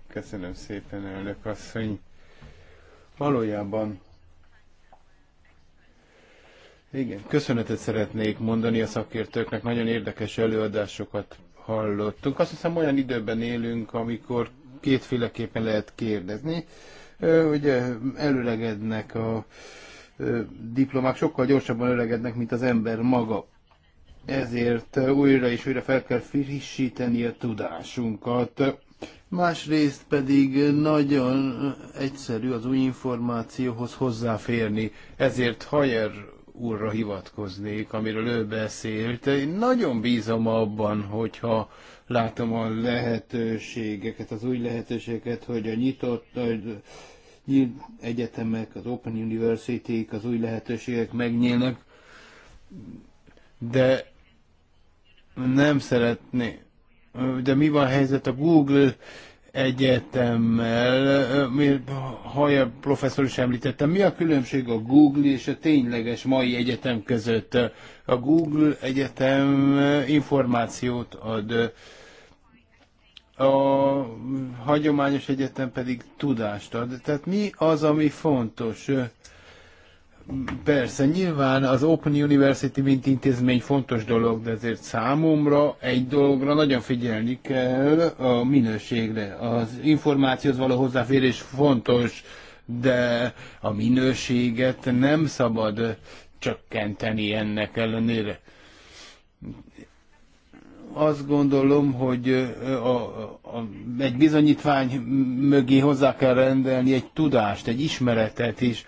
Köszönöm szépen, elnök asszony. Valójában igen, köszönetet szeretnék mondani a szakértőknek, nagyon érdekes előadásokat hallottunk. Azt hiszem olyan időben élünk, amikor kétféleképpen lehet kérdezni. Ugye előlegednek a diplomák, sokkal gyorsabban öregednek, mint az ember maga. Ezért újra és újra fel kell frissíteni a tudásunkat másrészt pedig nagyon egyszerű az új információhoz hozzáférni. Ezért Hajer úrra hivatkoznék, amiről ő beszélt. Én nagyon bízom abban, hogyha látom a lehetőségeket, az új lehetőségeket, hogy a nyitott nyílt egyetemek, az Open university az új lehetőségek megnyílnak, de nem szeretné, de mi van a helyzet a Google egyetemmel, a professzor is említette, mi a különbség a Google és a tényleges mai egyetem között? A Google egyetem információt ad, a hagyományos egyetem pedig tudást ad. Tehát mi az, ami fontos? Persze, nyilván az Open University mint intézmény fontos dolog, de azért számomra egy dologra nagyon figyelni kell a minőségre. Az információhoz való hozzáférés fontos, de a minőséget nem szabad csökkenteni ennek ellenére. Azt gondolom, hogy a, a, egy bizonyítvány mögé hozzá kell rendelni egy tudást, egy ismeretet is. És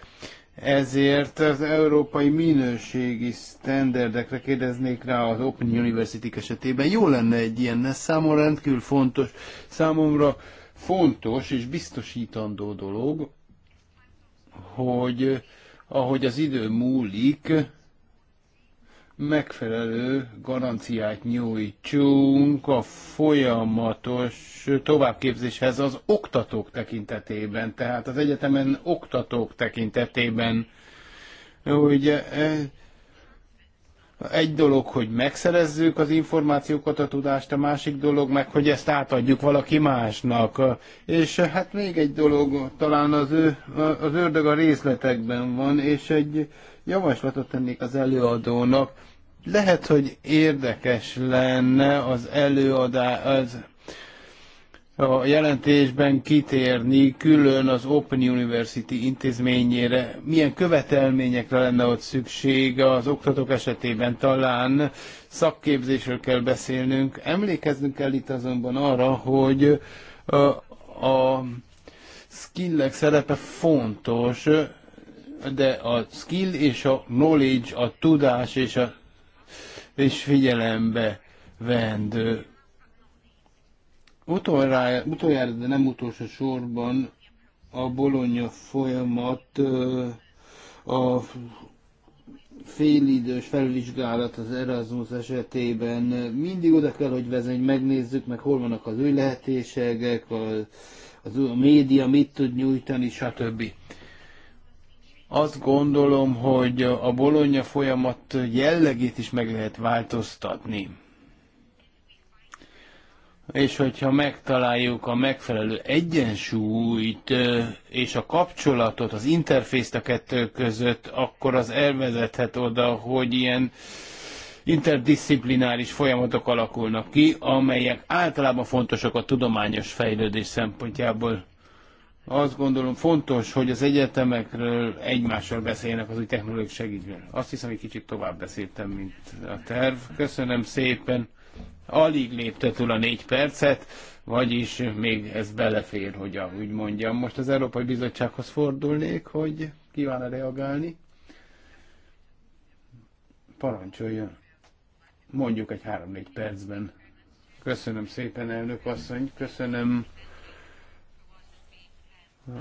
ezért az európai minőségi sztenderdekre kérdeznék rá az Open University esetében. Jó lenne egy ilyen, ez számomra rendkívül fontos, számomra fontos és biztosítandó dolog, hogy ahogy az idő múlik, megfelelő garanciát nyújtsunk a folyamatos továbbképzéshez az oktatók tekintetében, tehát az egyetemen oktatók tekintetében, hogy e, egy dolog, hogy megszerezzük az információkat, a tudást, a másik dolog meg, hogy ezt átadjuk valaki másnak. És hát még egy dolog, talán az, ő, az ördög a részletekben van, és egy javaslatot tennék az előadónak. Lehet, hogy érdekes lenne az előadás, az a jelentésben kitérni külön az Open University intézményére. Milyen követelményekre lenne ott szükség az oktatók esetében talán szakképzésről kell beszélnünk. Emlékeznünk kell itt azonban arra, hogy a skillek szerepe fontos, de a skill és a knowledge, a tudás és, a, és figyelembe vendő. Utoljára, utoljára, de nem utolsó sorban a bolonya folyamat a félidős felvizsgálat az Erasmus esetében mindig oda kell, hogy vezetni, hogy megnézzük meg, hol vannak az új lehetőségek, a, az, a média mit tud nyújtani, stb. Azt gondolom, hogy a bolonya folyamat jellegét is meg lehet változtatni. És hogyha megtaláljuk a megfelelő egyensúlyt és a kapcsolatot, az interfészt a kettő között, akkor az elvezethet oda, hogy ilyen interdisziplináris folyamatok alakulnak ki, amelyek általában fontosak a tudományos fejlődés szempontjából. Azt gondolom fontos, hogy az egyetemekről egymással beszéljenek az új technológiai segítségről. Azt hiszem, hogy kicsit tovább beszéltem, mint a terv. Köszönöm szépen. Alig lépte túl a négy percet, vagyis még ez belefér, hogy úgy mondjam. Most az Európai Bizottsághoz fordulnék, hogy kíván-e reagálni. Parancsoljon. Mondjuk egy három-négy percben. Köszönöm szépen, elnök asszony. Köszönöm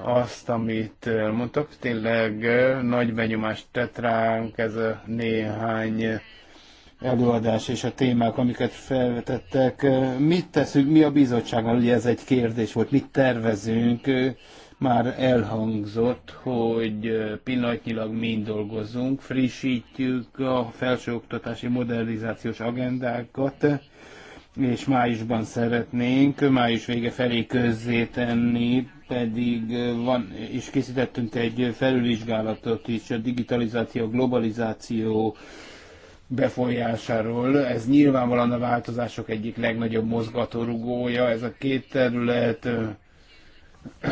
azt, amit mondtok, tényleg nagy benyomást tett ránk ez a néhány előadás és a témák, amiket felvetettek. Mit teszünk, mi a bizottsággal? Ugye ez egy kérdés volt, mit tervezünk? Már elhangzott, hogy pillanatnyilag mind dolgozunk, frissítjük a felsőoktatási modernizációs agendákat, és májusban szeretnénk, május vége felé közzétenni pedig van, és készítettünk egy felülvizsgálatot is a digitalizáció, globalizáció befolyásáról. Ez nyilvánvalóan a változások egyik legnagyobb mozgatórugója. Ez a két terület,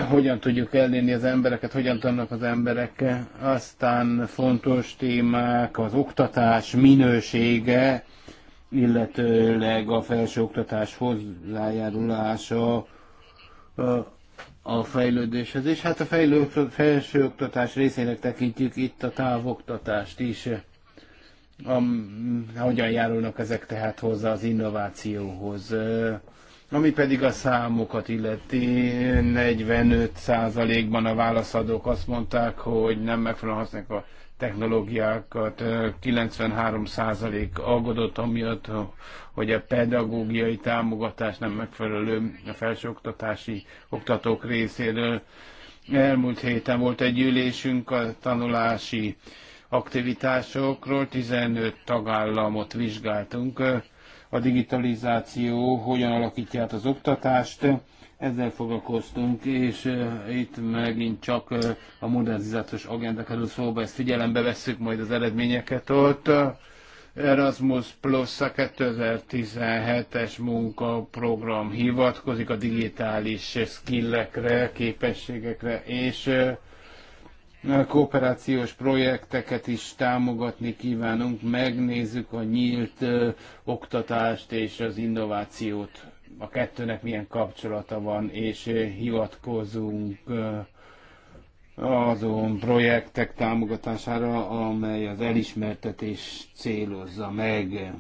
hogyan tudjuk elérni az embereket, hogyan tanulnak az emberek. Aztán fontos témák az oktatás minősége, illetőleg a felsőoktatás hozzájárulása, a fejlődéshez, és hát a fejlő, felsőoktatás részének tekintjük itt a távoktatást is. A, hogyan járulnak ezek tehát hozzá az innovációhoz? Ami pedig a számokat illeti, 45%-ban a válaszadók azt mondták, hogy nem megfelelően használják a technológiákat. 93% aggódott amiatt, hogy a pedagógiai támogatás nem megfelelő a felsőoktatási oktatók részéről. Elmúlt héten volt egy ülésünk a tanulási aktivitásokról, 15 tagállamot vizsgáltunk. A digitalizáció hogyan alakítja át az oktatást, ezzel foglalkoztunk, és uh, itt megint csak uh, a modernizációs agenda kerül szóba, ezt figyelembe vesszük majd az eredményeket ott. Erasmus Plus a 2017-es munkaprogram hivatkozik a digitális skillekre, képességekre, és uh, kooperációs projekteket is támogatni kívánunk, megnézzük a nyílt oktatást és az innovációt a kettőnek milyen kapcsolata van, és eh, hivatkozunk eh, azon projektek támogatására, amely az elismertetés célozza meg,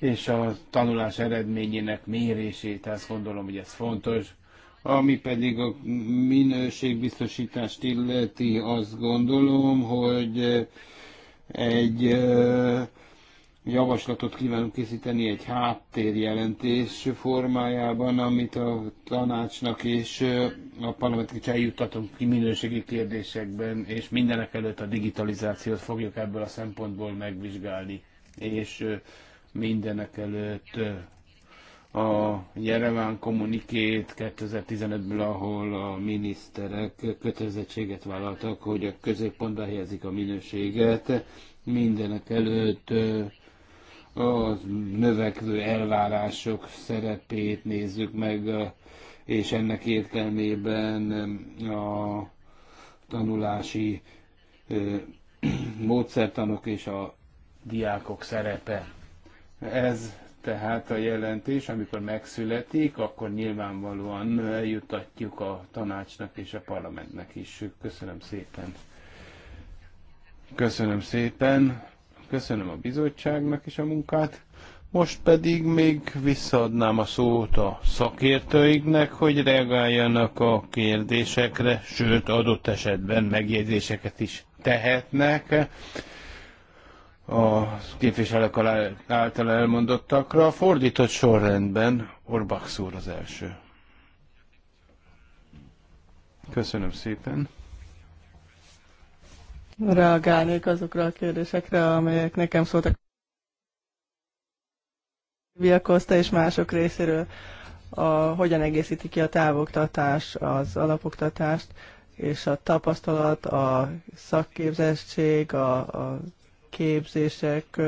és a tanulás eredményének mérését, ezt gondolom, hogy ez fontos. Ami pedig a minőségbiztosítást illeti, azt gondolom, hogy eh, egy javaslatot kívánunk készíteni egy háttérjelentés formájában, amit a tanácsnak és a parlamentnek is eljuttatunk ki minőségi kérdésekben, és mindenek előtt a digitalizációt fogjuk ebből a szempontból megvizsgálni, és mindenek előtt a Jereván kommunikét 2015-ből, ahol a miniszterek kötelezettséget vállaltak, hogy a középpontba helyezik a minőséget. Mindenek előtt a növekvő elvárások szerepét nézzük meg, és ennek értelmében a tanulási módszertanok és a diákok szerepe. Ez tehát a jelentés, amikor megszületik, akkor nyilvánvalóan eljutatjuk a tanácsnak és a parlamentnek is. Köszönöm szépen. Köszönöm szépen. Köszönöm a bizottságnak is a munkát. Most pedig még visszaadnám a szót a szakértőiknek, hogy reagáljanak a kérdésekre, sőt adott esetben megjegyzéseket is tehetnek a képviselők által elmondottakra. A fordított sorrendben Orbach szór az első. Köszönöm szépen reagálnék azokra a kérdésekre, amelyek nekem szóltak. Viakoszta és mások részéről, a, hogyan egészíti ki a távoktatás, az alapoktatást, és a tapasztalat, a szakképzettség, a, a képzések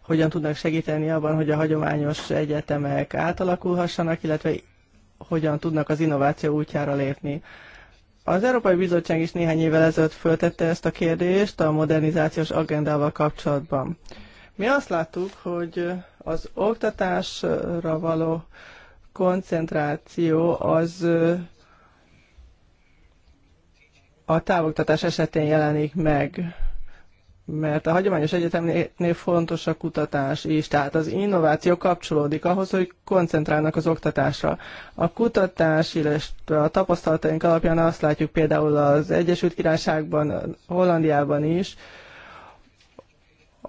hogyan tudnak segíteni abban, hogy a hagyományos egyetemek átalakulhassanak, illetve hogyan tudnak az innováció útjára lépni. Az Európai Bizottság is néhány évvel ezelőtt föltette ezt a kérdést a modernizációs agendával kapcsolatban. Mi azt láttuk, hogy az oktatásra való koncentráció az a távoktatás esetén jelenik meg mert a hagyományos egyetemnél fontos a kutatás is, tehát az innováció kapcsolódik ahhoz, hogy koncentrálnak az oktatásra. A kutatás, illetve a tapasztalataink alapján azt látjuk például az Egyesült Királyságban, Hollandiában is,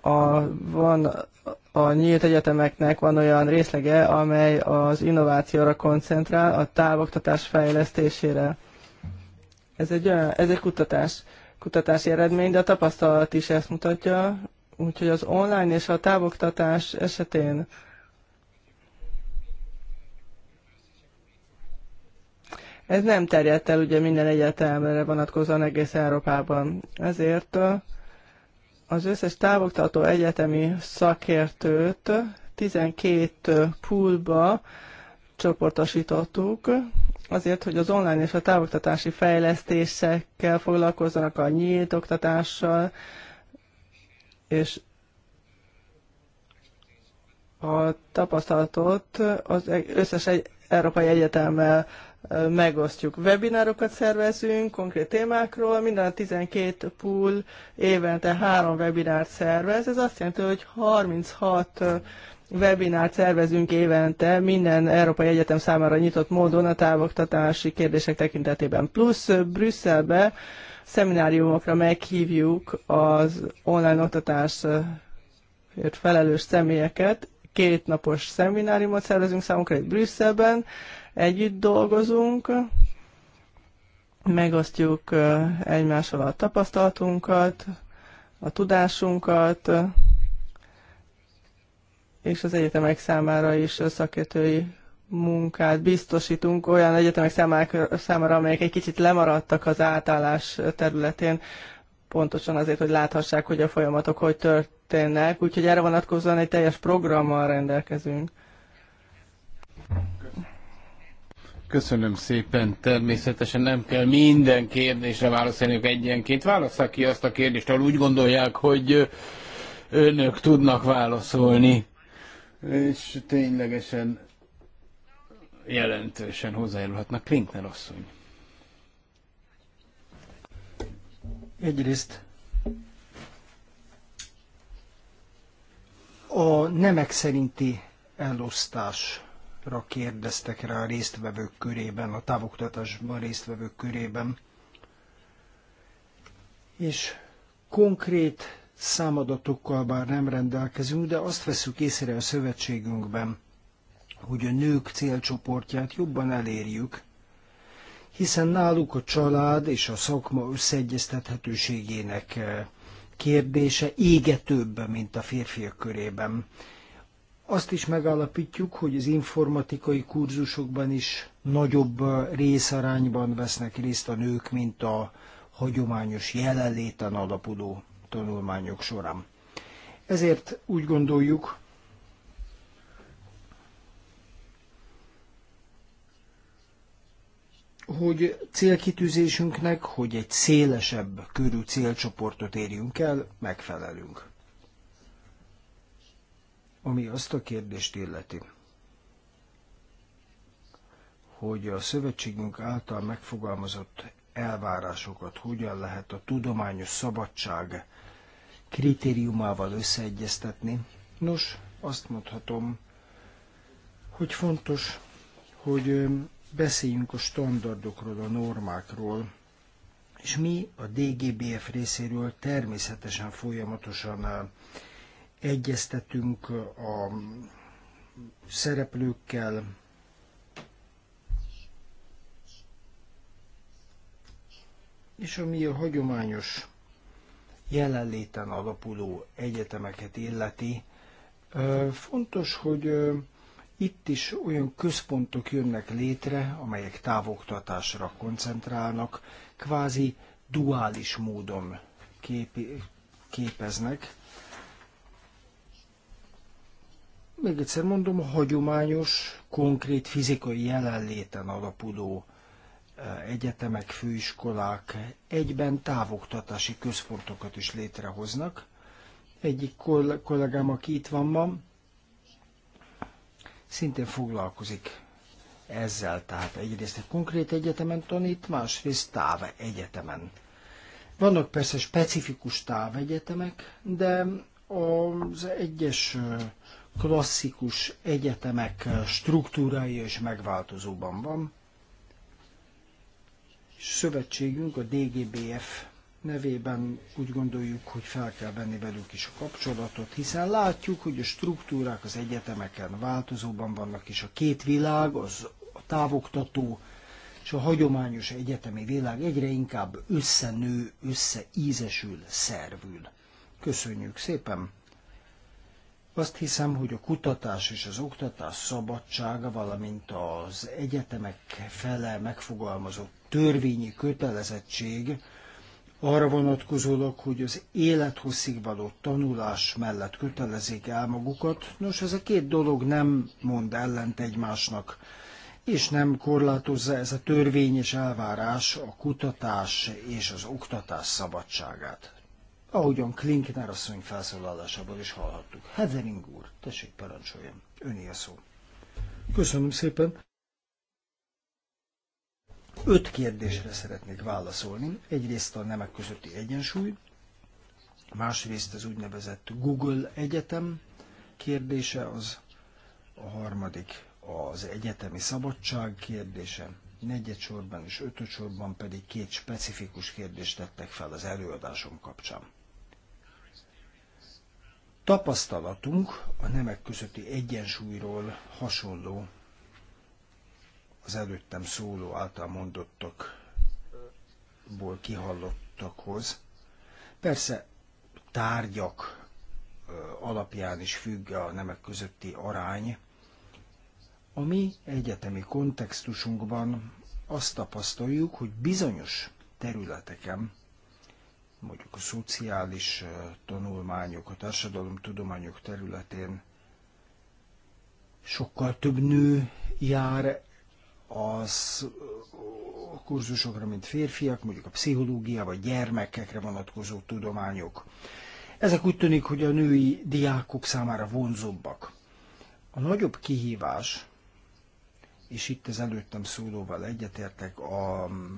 a, van a nyílt egyetemeknek van olyan részlege, amely az innovációra koncentrál, a távoktatás fejlesztésére. Ez egy, olyan, ez egy kutatás kutatási eredmény, de a tapasztalat is ezt mutatja. Úgyhogy az online és a távoktatás esetén ez nem terjedt el ugye minden egyetemre vonatkozóan egész Európában. Ezért az összes távoktató egyetemi szakértőt 12 poolba csoportosítottuk, azért, hogy az online és a távoktatási fejlesztésekkel foglalkozzanak a nyílt oktatással, és a tapasztalatot az e- összes egy, európai egyetemmel megosztjuk. Webinárokat szervezünk konkrét témákról, minden a 12 pool évente három webinárt szervez. Ez azt jelenti, hogy 36 webinárt szervezünk évente minden Európai Egyetem számára nyitott módon a távoktatási kérdések tekintetében. Plusz Brüsszelbe szemináriumokra meghívjuk az online oktatásért felelős személyeket, két napos szemináriumot szervezünk számukra egy Brüsszelben, Együtt dolgozunk, megosztjuk egymással a tapasztalatunkat, a tudásunkat, és az egyetemek számára is szakértői munkát biztosítunk olyan egyetemek számára, számára, amelyek egy kicsit lemaradtak az átállás területén, pontosan azért, hogy láthassák, hogy a folyamatok hogy történnek, úgyhogy erre vonatkozóan egy teljes programmal rendelkezünk. Köszönöm. Köszönöm szépen. Természetesen nem kell minden kérdésre válaszolniuk egyenként. Válasszák ki azt a kérdést, ahol úgy gondolják, hogy önök tudnak válaszolni. És ténylegesen jelentősen hozzájárulhatnak. Klinkner asszony. Egyrészt a nemek szerinti elosztás ra kérdeztek rá a résztvevők körében, a távoktatásban résztvevők körében. És konkrét számadatokkal bár nem rendelkezünk, de azt veszük észre a szövetségünkben, hogy a nők célcsoportját jobban elérjük, hiszen náluk a család és a szakma összeegyeztethetőségének eh, kérdése égetőbb, mint a férfiak körében azt is megállapítjuk, hogy az informatikai kurzusokban is nagyobb részarányban vesznek részt a nők, mint a hagyományos jelenléten alapuló tanulmányok során. Ezért úgy gondoljuk, hogy célkitűzésünknek, hogy egy szélesebb körű célcsoportot érjünk el, megfelelünk ami azt a kérdést illeti, hogy a szövetségünk által megfogalmazott elvárásokat hogyan lehet a tudományos szabadság kritériumával összeegyeztetni. Nos, azt mondhatom, hogy fontos, hogy beszéljünk a standardokról, a normákról, és mi a DGBF részéről természetesen folyamatosan egyeztetünk a szereplőkkel, és ami a hagyományos jelenléten alapuló egyetemeket illeti, fontos, hogy itt is olyan központok jönnek létre, amelyek távoktatásra koncentrálnak, kvázi duális módon képi, képeznek, Még egyszer mondom, a hagyományos, konkrét fizikai jelenléten alapuló e, egyetemek, főiskolák egyben távoktatási központokat is létrehoznak. Egyik kollégám, aki itt van ma, szintén foglalkozik ezzel, tehát egyrészt egy konkrét egyetemen tanít, másrészt táv egyetemen. Vannak persze specifikus távegyetemek, de az egyes klasszikus egyetemek struktúrája is megváltozóban van. Szövetségünk, a DGBF nevében úgy gondoljuk, hogy fel kell venni velük is a kapcsolatot, hiszen látjuk, hogy a struktúrák az egyetemeken változóban vannak, és a két világ, az a távoktató és a hagyományos egyetemi világ egyre inkább összenő, összeízesül, szervül. Köszönjük szépen! Azt hiszem, hogy a kutatás és az oktatás szabadsága, valamint az egyetemek fele megfogalmazott törvényi kötelezettség arra vonatkozólag, hogy az élethosszig való tanulás mellett kötelezik el magukat. Nos, ez a két dolog nem mond ellent egymásnak, és nem korlátozza ez a törvényes elvárás a kutatás és az oktatás szabadságát ahogyan Klinkner asszony felszólalásából is hallhattuk. Hevering úr, tessék parancsoljon, öné a szó. Köszönöm szépen. Öt kérdésre szeretnék válaszolni. Egyrészt a nemek közötti egyensúly, másrészt az úgynevezett Google Egyetem kérdése, az a harmadik az egyetemi szabadság kérdése, negyedsorban és ötödsorban pedig két specifikus kérdést tettek fel az előadásom kapcsán. Tapasztalatunk a nemek közötti egyensúlyról hasonló az előttem szóló által mondottakból kihallottakhoz. Persze tárgyak alapján is függ a nemek közötti arány. Ami egyetemi kontextusunkban azt tapasztaljuk, hogy bizonyos területeken mondjuk a szociális tanulmányok, a társadalomtudományok területén sokkal több nő jár az a kurzusokra, mint férfiak, mondjuk a pszichológia vagy gyermekekre vonatkozó tudományok. Ezek úgy tűnik, hogy a női diákok számára vonzóbbak. A nagyobb kihívás, és itt az előttem szólóval egyetértek, a mm,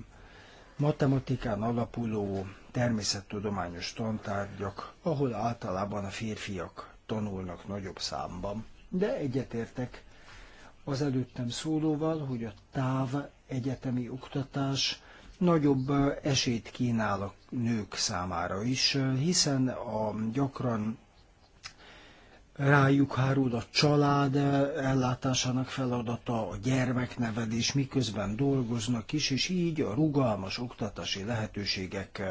matematikán alapuló természettudományos tantárgyak, ahol általában a férfiak tanulnak nagyobb számban. De egyetértek az előttem szólóval, hogy a táv egyetemi oktatás nagyobb esélyt kínál a nők számára is, hiszen a gyakran rájuk hárul a család ellátásának feladata, a gyermeknevedés, miközben dolgoznak is, és így a rugalmas oktatási lehetőségek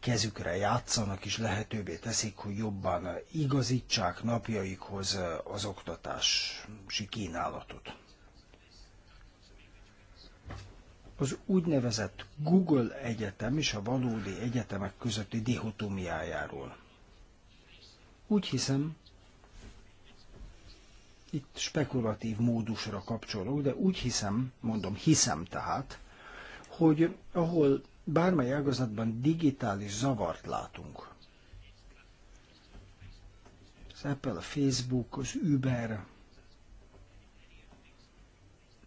kezükre játszanak, és lehetővé teszik, hogy jobban igazítsák napjaikhoz az oktatási kínálatot. Az úgynevezett Google Egyetem és a valódi egyetemek közötti dihotómiájáról. Úgy hiszem, itt spekulatív módusra kapcsolok, de úgy hiszem, mondom, hiszem tehát, hogy ahol bármely ágazatban digitális zavart látunk. Az Apple, a Facebook, az Uber,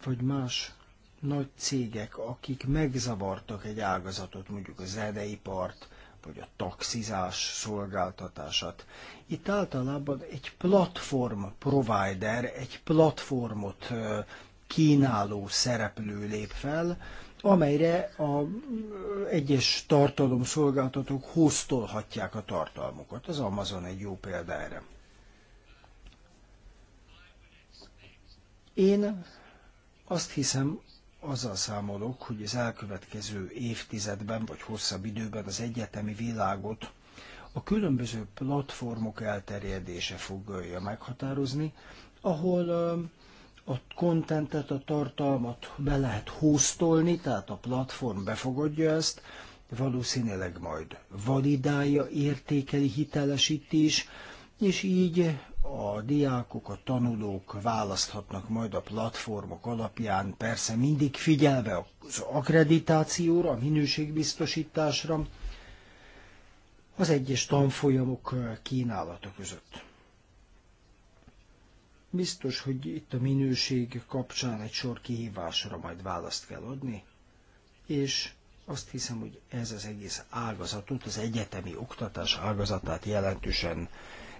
vagy más nagy cégek, akik megzavartak egy ágazatot, mondjuk a zeneipart, vagy a taxizás szolgáltatását. Itt általában egy platform provider, egy platformot kínáló szereplő lép fel, amelyre a egyes tartalomszolgáltatók hoztolhatják a tartalmukat. Az Amazon egy jó példa erre. Én azt hiszem, azzal számolok, hogy az elkövetkező évtizedben vagy hosszabb időben az egyetemi világot a különböző platformok elterjedése fogja meghatározni, ahol a kontentet, a tartalmat be lehet hóztolni, tehát a platform befogadja ezt, valószínűleg majd validálja, értékeli, hitelesíti is, és így a diákok, a tanulók választhatnak majd a platformok alapján, persze mindig figyelve az akkreditációra, a minőségbiztosításra, az egyes tanfolyamok kínálata között. Biztos, hogy itt a minőség kapcsán egy sor kihívásra majd választ kell adni, és azt hiszem, hogy ez az egész ágazatot, az egyetemi oktatás ágazatát jelentősen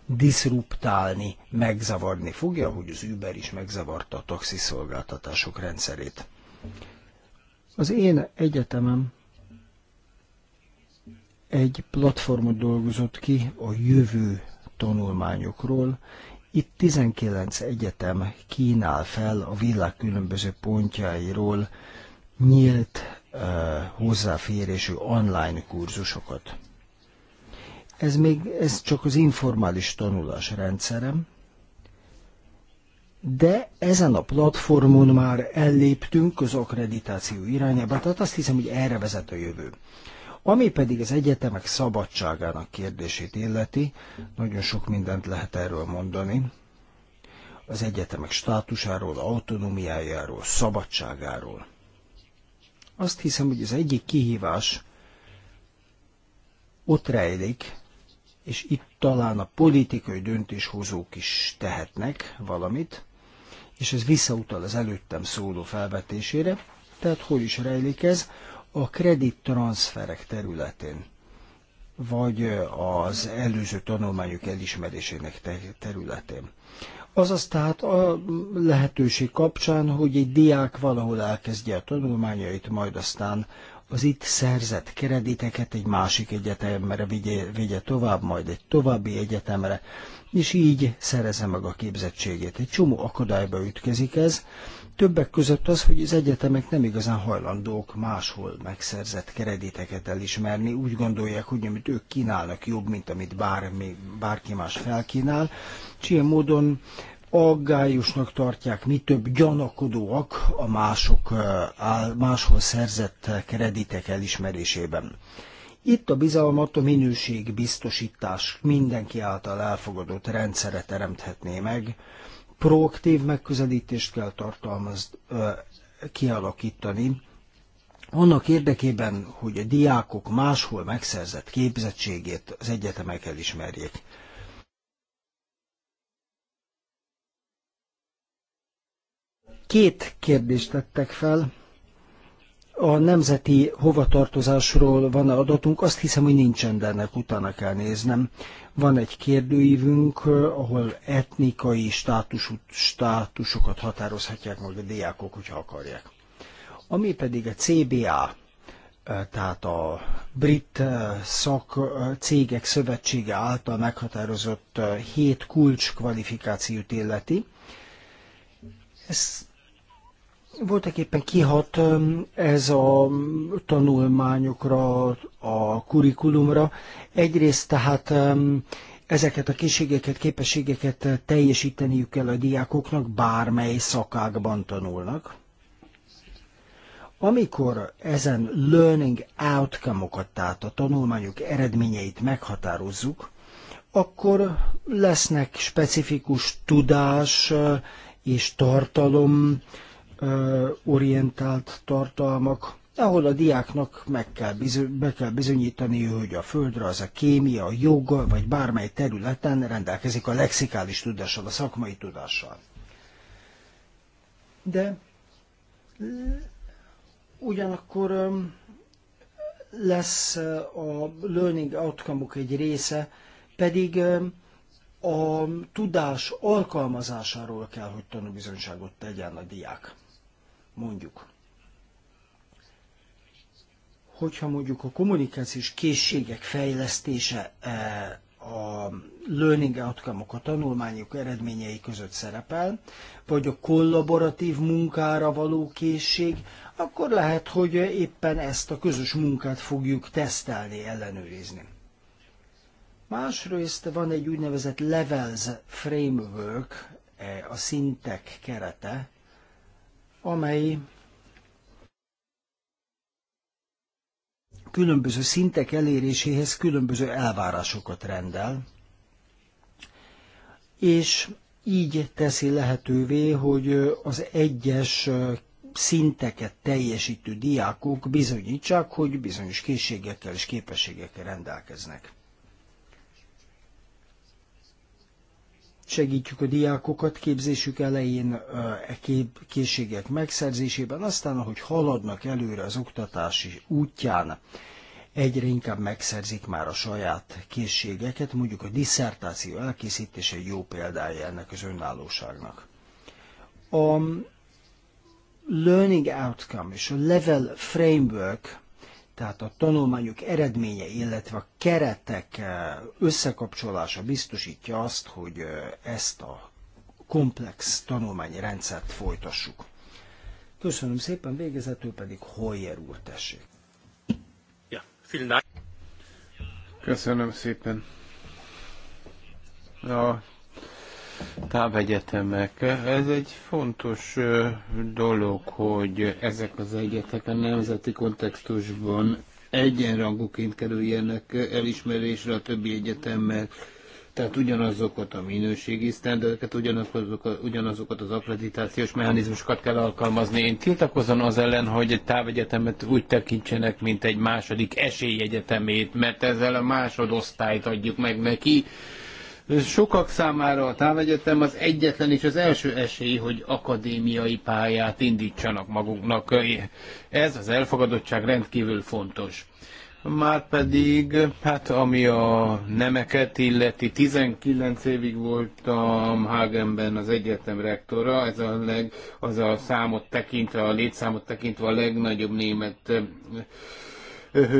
diszruptálni, megzavarni fogja, hogy az Uber is megzavarta a taxiszolgáltatások rendszerét. Az én egyetemem egy platformot dolgozott ki a jövő tanulmányokról, itt 19 egyetem kínál fel a világ különböző pontjairól nyílt uh, hozzáférésű online kurzusokat. Ez még ez csak az informális tanulás rendszerem, de ezen a platformon már elléptünk az akkreditáció irányába, tehát azt hiszem, hogy erre vezet a jövő. Ami pedig az egyetemek szabadságának kérdését illeti, nagyon sok mindent lehet erről mondani. Az egyetemek státusáról, autonómiájáról, szabadságáról. Azt hiszem, hogy az egyik kihívás ott rejlik, és itt talán a politikai döntéshozók is tehetnek valamit, és ez visszautal az előttem szóló felvetésére, tehát hol is rejlik ez, a kredittranszferek területén, vagy az előző tanulmányok elismerésének területén. Azaz tehát a lehetőség kapcsán, hogy egy diák valahol elkezdje a tanulmányait, majd aztán az itt szerzett krediteket egy másik egyetemre vigye, vigye tovább, majd egy további egyetemre, és így szerezze meg a képzettségét. Egy csomó akadályba ütkezik ez, Többek között az, hogy az egyetemek nem igazán hajlandók máshol megszerzett krediteket elismerni, úgy gondolják, hogy amit ők kínálnak jobb, mint amit bármi, bárki más felkínál, és ilyen módon aggályosnak tartják, mi több gyanakodóak a mások, máshol szerzett kreditek elismerésében. Itt a bizalmat a minőségbiztosítás mindenki által elfogadott rendszere teremthetné meg, proaktív megközelítést kell tartalmaz, kialakítani, annak érdekében, hogy a diákok máshol megszerzett képzettségét az egyetemek elismerjék. Két kérdést tettek fel a nemzeti hovatartozásról van-e adatunk, azt hiszem, hogy nincsen, de ennek utána kell néznem. Van egy kérdőívünk, ahol etnikai státusú, státusokat határozhatják meg a diákok, hogyha akarják. Ami pedig a CBA, e, tehát a brit e, szak e, cégek szövetsége által meghatározott hét kulcs kvalifikációt illeti. Ez voltak éppen kihat ez a tanulmányokra, a kurikulumra. Egyrészt tehát ezeket a készségeket, képességeket teljesíteniük kell a diákoknak, bármely szakákban tanulnak. Amikor ezen learning outcome-okat, tehát a tanulmányok eredményeit meghatározzuk, akkor lesznek specifikus tudás és tartalom orientált tartalmak, ahol a diáknak meg kell bizony, be kell bizonyítani, hogy a földre az a kémia, a jog, vagy bármely területen rendelkezik a lexikális tudással, a szakmai tudással. De ugyanakkor lesz a learning outcome -ok egy része, pedig a tudás alkalmazásáról kell, hogy tanúbizonyságot tegyen a diák. Mondjuk, hogyha mondjuk a kommunikációs készségek fejlesztése e, a learning outcome a tanulmányok eredményei között szerepel, vagy a kollaboratív munkára való készség, akkor lehet, hogy éppen ezt a közös munkát fogjuk tesztelni, ellenőrizni. Másrészt van egy úgynevezett Levels Framework, e, a szintek kerete, amely különböző szintek eléréséhez különböző elvárásokat rendel, és így teszi lehetővé, hogy az egyes szinteket teljesítő diákok bizonyítsák, hogy bizonyos készségekkel és képességekkel rendelkeznek. segítjük a diákokat képzésük elején e készségek megszerzésében, aztán ahogy haladnak előre az oktatási útján, egyre inkább megszerzik már a saját készségeket, mondjuk a diszertáció elkészítése egy jó példája ennek az önállóságnak. A learning outcome és a level framework tehát a tanulmányok eredménye, illetve a keretek eh, összekapcsolása biztosítja azt, hogy eh, ezt a komplex rendszert folytassuk. Köszönöm szépen, végezetül pedig Hoyer úr, tessék. Ja, Köszönöm szépen. A távegyetemek. Ez egy fontos dolog, hogy ezek az egyetek a nemzeti kontextusban egyenrangúként kerüljenek elismerésre a többi egyetemmel. Tehát ugyanazokat a minőségi sztenderdeket, ugyanazokat, ugyanazokat az akreditációs mechanizmusokat kell alkalmazni. Én tiltakozom az ellen, hogy egy távegyetemet úgy tekintsenek, mint egy második esélyegyetemét, mert ezzel a másodosztályt adjuk meg neki, Sokak számára a távegyetem az egyetlen és az első esély, hogy akadémiai pályát indítsanak maguknak. Ez az elfogadottság rendkívül fontos. Márpedig, pedig, hát ami a nemeket illeti, 19 évig voltam Hagenben az egyetem rektora, ez a leg, az a számot tekintve, a létszámot tekintve a legnagyobb német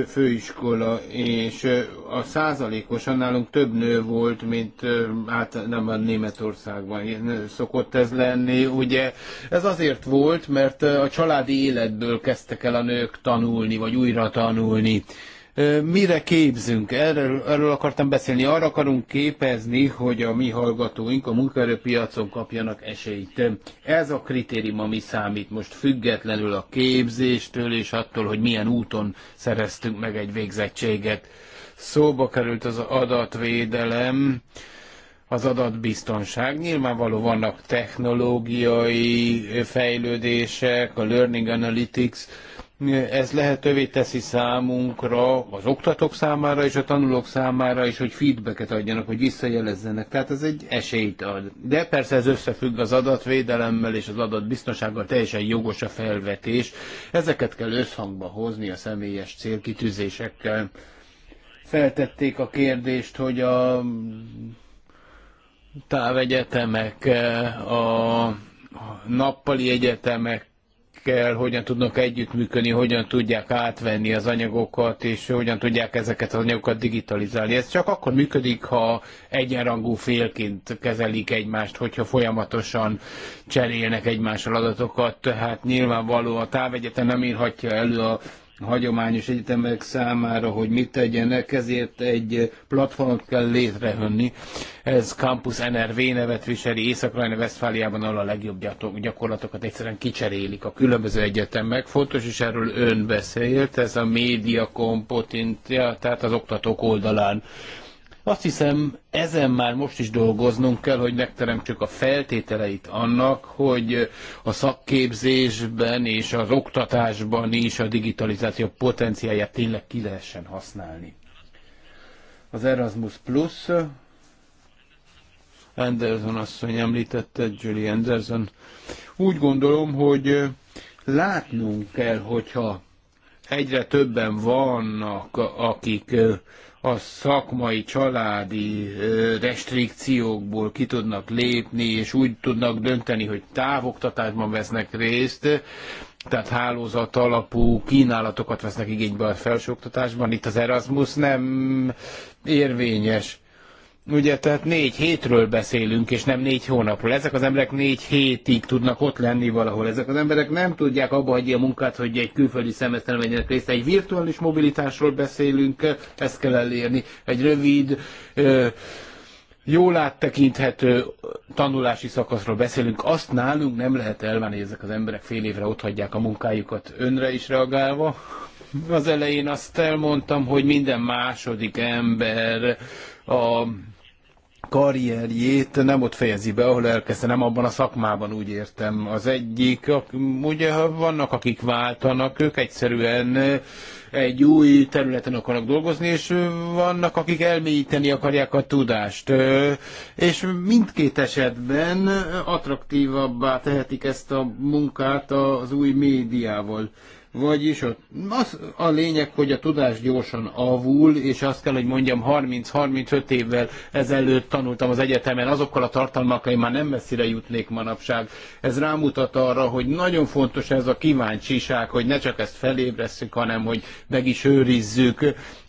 főiskola, és a százalékosan nálunk több nő volt, mint hát nem a Németországban szokott ez lenni. Ugye ez azért volt, mert a családi életből kezdtek el a nők tanulni, vagy újra tanulni mire képzünk? Erről, erről akartam beszélni. Arra akarunk képezni, hogy a mi hallgatóink a munkaerőpiacon kapjanak esélyt. Ez a kritérium, ami számít most függetlenül a képzéstől és attól, hogy milyen úton szereztünk meg egy végzettséget. Szóba került az adatvédelem az adatbiztonság. Nyilvánvaló vannak technológiai fejlődések, a Learning Analytics ez lehetővé teszi számunkra, az oktatók számára és a tanulók számára is, hogy feedbacket adjanak, hogy visszajelezzenek. Tehát ez egy esélyt ad. De persze ez összefügg az adatvédelemmel és az adatbiztonsággal, teljesen jogos a felvetés. Ezeket kell összhangba hozni a személyes célkitűzésekkel. Feltették a kérdést, hogy a távegyetemek, a nappali egyetemek kell, hogyan tudnak együttműködni, hogyan tudják átvenni az anyagokat, és hogyan tudják ezeket az anyagokat digitalizálni. Ez csak akkor működik, ha egyenrangú félként kezelik egymást, hogyha folyamatosan cserélnek egymással adatokat. Tehát nyilvánvaló a távegyetem nem írhatja elő a hagyományos egyetemek számára, hogy mit tegyenek, ezért egy platformot kell létrehönni. Ez Campus NRV nevet viseli, észak rajna Westfáliában, ahol a legjobb gyakorlatokat egyszerűen kicserélik a különböző egyetemek. Fontos, is erről ön beszélt, ez a média kompotintja, tehát az oktatók oldalán azt hiszem, ezen már most is dolgoznunk kell, hogy megteremtsük a feltételeit annak, hogy a szakképzésben és az oktatásban is a digitalizáció potenciáját tényleg ki lehessen használni. Az Erasmus Plus, Anderson asszony említette, Julie Anderson. Úgy gondolom, hogy látnunk kell, hogyha egyre többen vannak, akik a szakmai, családi restrikciókból ki tudnak lépni, és úgy tudnak dönteni, hogy távoktatásban vesznek részt, tehát hálózat alapú kínálatokat vesznek igénybe a felsőoktatásban. Itt az Erasmus nem érvényes. Ugye, tehát négy hétről beszélünk, és nem négy hónapról. Ezek az emberek négy hétig tudnak ott lenni valahol. Ezek az emberek nem tudják abba hagyni a munkát, hogy egy külföldi szemeszteren vegyenek részt. Egy virtuális mobilitásról beszélünk, ezt kell elérni. Egy rövid, jól áttekinthető tanulási szakaszról beszélünk. Azt nálunk nem lehet elvenni, hogy ezek az emberek fél évre ott hagyják a munkájukat önre is reagálva az elején azt elmondtam, hogy minden második ember a karrierjét nem ott fejezi be, ahol elkezdte, nem abban a szakmában úgy értem. Az egyik, ugye vannak, akik váltanak, ők egyszerűen egy új területen akarnak dolgozni, és vannak, akik elmélyíteni akarják a tudást. És mindkét esetben attraktívabbá tehetik ezt a munkát az új médiával. Vagyis a, az a lényeg, hogy a tudás gyorsan avul, és azt kell, hogy mondjam, 30-35 évvel ezelőtt tanultam az egyetemen, azokkal a tartalmakkal én már nem messzire jutnék manapság. Ez rámutat arra, hogy nagyon fontos ez a kíváncsiság, hogy ne csak ezt felébresszük, hanem hogy meg is őrizzük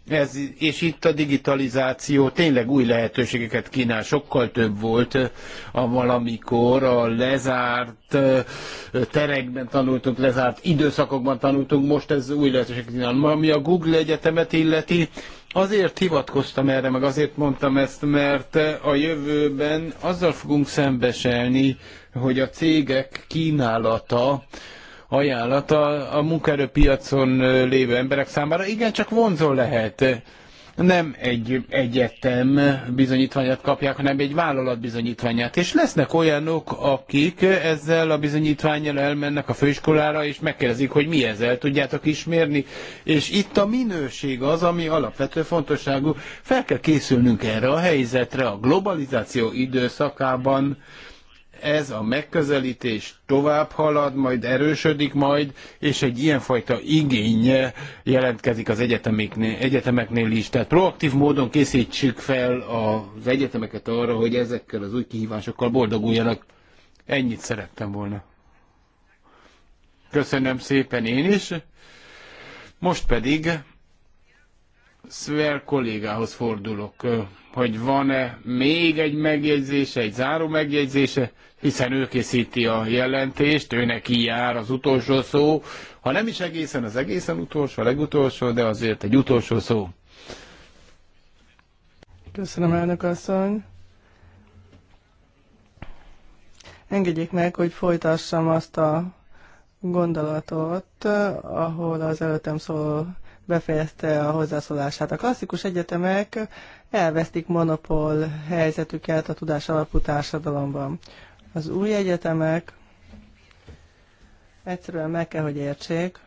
ez, és itt a digitalizáció tényleg új lehetőségeket kínál, sokkal több volt a valamikor a lezárt terekben tanultunk, lezárt időszakokban tanultunk, most ez új lehetőséget kínál. Ami a Google Egyetemet illeti, Azért hivatkoztam erre, meg azért mondtam ezt, mert a jövőben azzal fogunk szembesülni, hogy a cégek kínálata ajánlata a munkaerőpiacon lévő emberek számára igencsak vonzó lehet. Nem egy egyetem bizonyítványát kapják, hanem egy vállalat bizonyítványát. És lesznek olyanok, akik ezzel a bizonyítványjal elmennek a főiskolára, és megkérdezik, hogy mi ezzel, tudjátok ismérni. És itt a minőség az, ami alapvető fontosságú. Fel kell készülnünk erre a helyzetre a globalizáció időszakában ez a megközelítés tovább halad, majd erősödik majd, és egy ilyenfajta igény jelentkezik az egyetemeknél, egyetemeknél is. Tehát proaktív módon készítsük fel az egyetemeket arra, hogy ezekkel az új kihívásokkal boldoguljanak. Ennyit szerettem volna. Köszönöm szépen én is. Most pedig Szver kollégához fordulok hogy van-e még egy megjegyzése, egy záró megjegyzése, hiszen ő készíti a jelentést, ő neki jár az utolsó szó, ha nem is egészen az egészen utolsó, a legutolsó, de azért egy utolsó szó. Köszönöm, elnök asszony. Engedjék meg, hogy folytassam azt a gondolatot, ahol az előttem szóló befejezte a hozzászólását. A klasszikus egyetemek elvesztik monopól helyzetüket a tudás alapú társadalomban. Az új egyetemek egyszerűen meg kell, hogy értsék,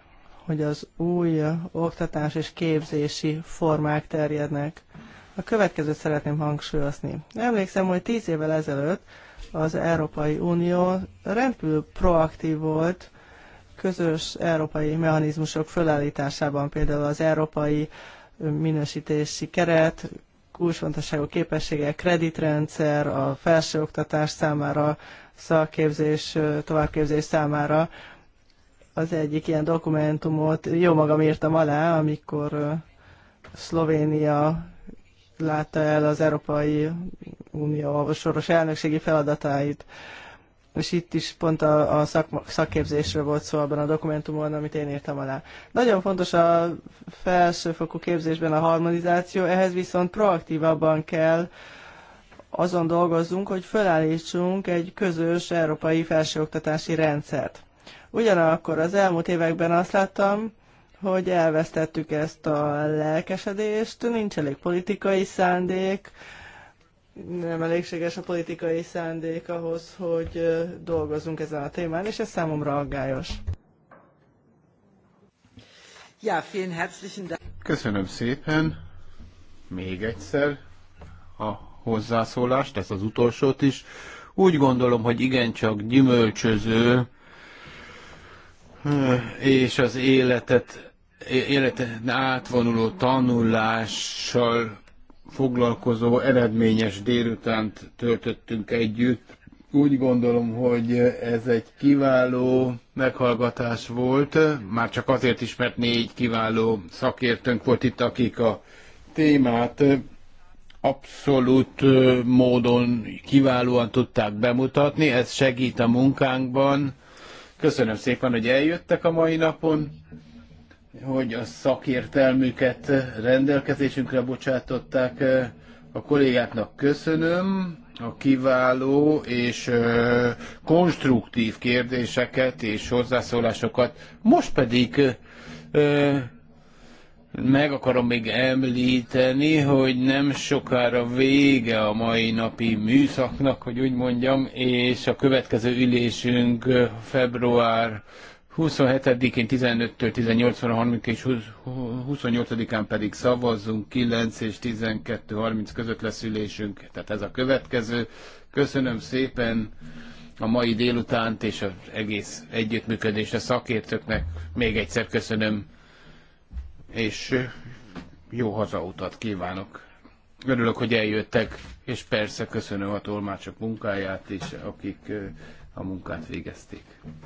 hogy az új oktatás és képzési formák terjednek. A következőt szeretném hangsúlyozni. Emlékszem, hogy tíz évvel ezelőtt az Európai Unió rendkívül proaktív volt közös európai mechanizmusok fölállításában, például az európai minősítési keret, kulcsfontosságú képességek, kreditrendszer, a felsőoktatás számára, szakképzés, továbbképzés számára. Az egyik ilyen dokumentumot jó magam írtam alá, amikor Szlovénia látta el az Európai Unió soros elnökségi feladatait és itt is pont a, a szakma, szakképzésről volt szó abban a dokumentumon, amit én írtam alá. Nagyon fontos a felsőfokú képzésben a harmonizáció, ehhez viszont proaktívabban kell azon dolgozzunk, hogy felállítsunk egy közös európai felsőoktatási rendszert. Ugyanakkor az elmúlt években azt láttam, hogy elvesztettük ezt a lelkesedést, nincs elég politikai szándék, nem elégséges a politikai szándék ahhoz, hogy dolgozunk ezen a témán, és ez számomra aggályos. Ja, Köszönöm szépen még egyszer a hozzászólást, ez az utolsót is. Úgy gondolom, hogy igencsak gyümölcsöző, és az életet, életet átvonuló tanulással foglalkozó eredményes délutánt töltöttünk együtt. Úgy gondolom, hogy ez egy kiváló meghallgatás volt, már csak azért is, mert négy kiváló szakértőnk volt itt, akik a témát abszolút módon kiválóan tudták bemutatni, ez segít a munkánkban. Köszönöm szépen, hogy eljöttek a mai napon hogy a szakértelmüket rendelkezésünkre bocsátották. A kollégáknak köszönöm a kiváló és konstruktív kérdéseket és hozzászólásokat. Most pedig meg akarom még említeni, hogy nem sokára vége a mai napi műszaknak, hogy úgy mondjam, és a következő ülésünk február 27-én 15-től 18 30 és 28-án pedig szavazzunk, 9 és 12.30 között lesz ülésünk, tehát ez a következő. Köszönöm szépen a mai délutánt és az egész együttműködést a szakértőknek. Még egyszer köszönöm, és jó hazautat kívánok. Örülök, hogy eljöttek, és persze köszönöm a tolmácsok munkáját is, akik a munkát végezték.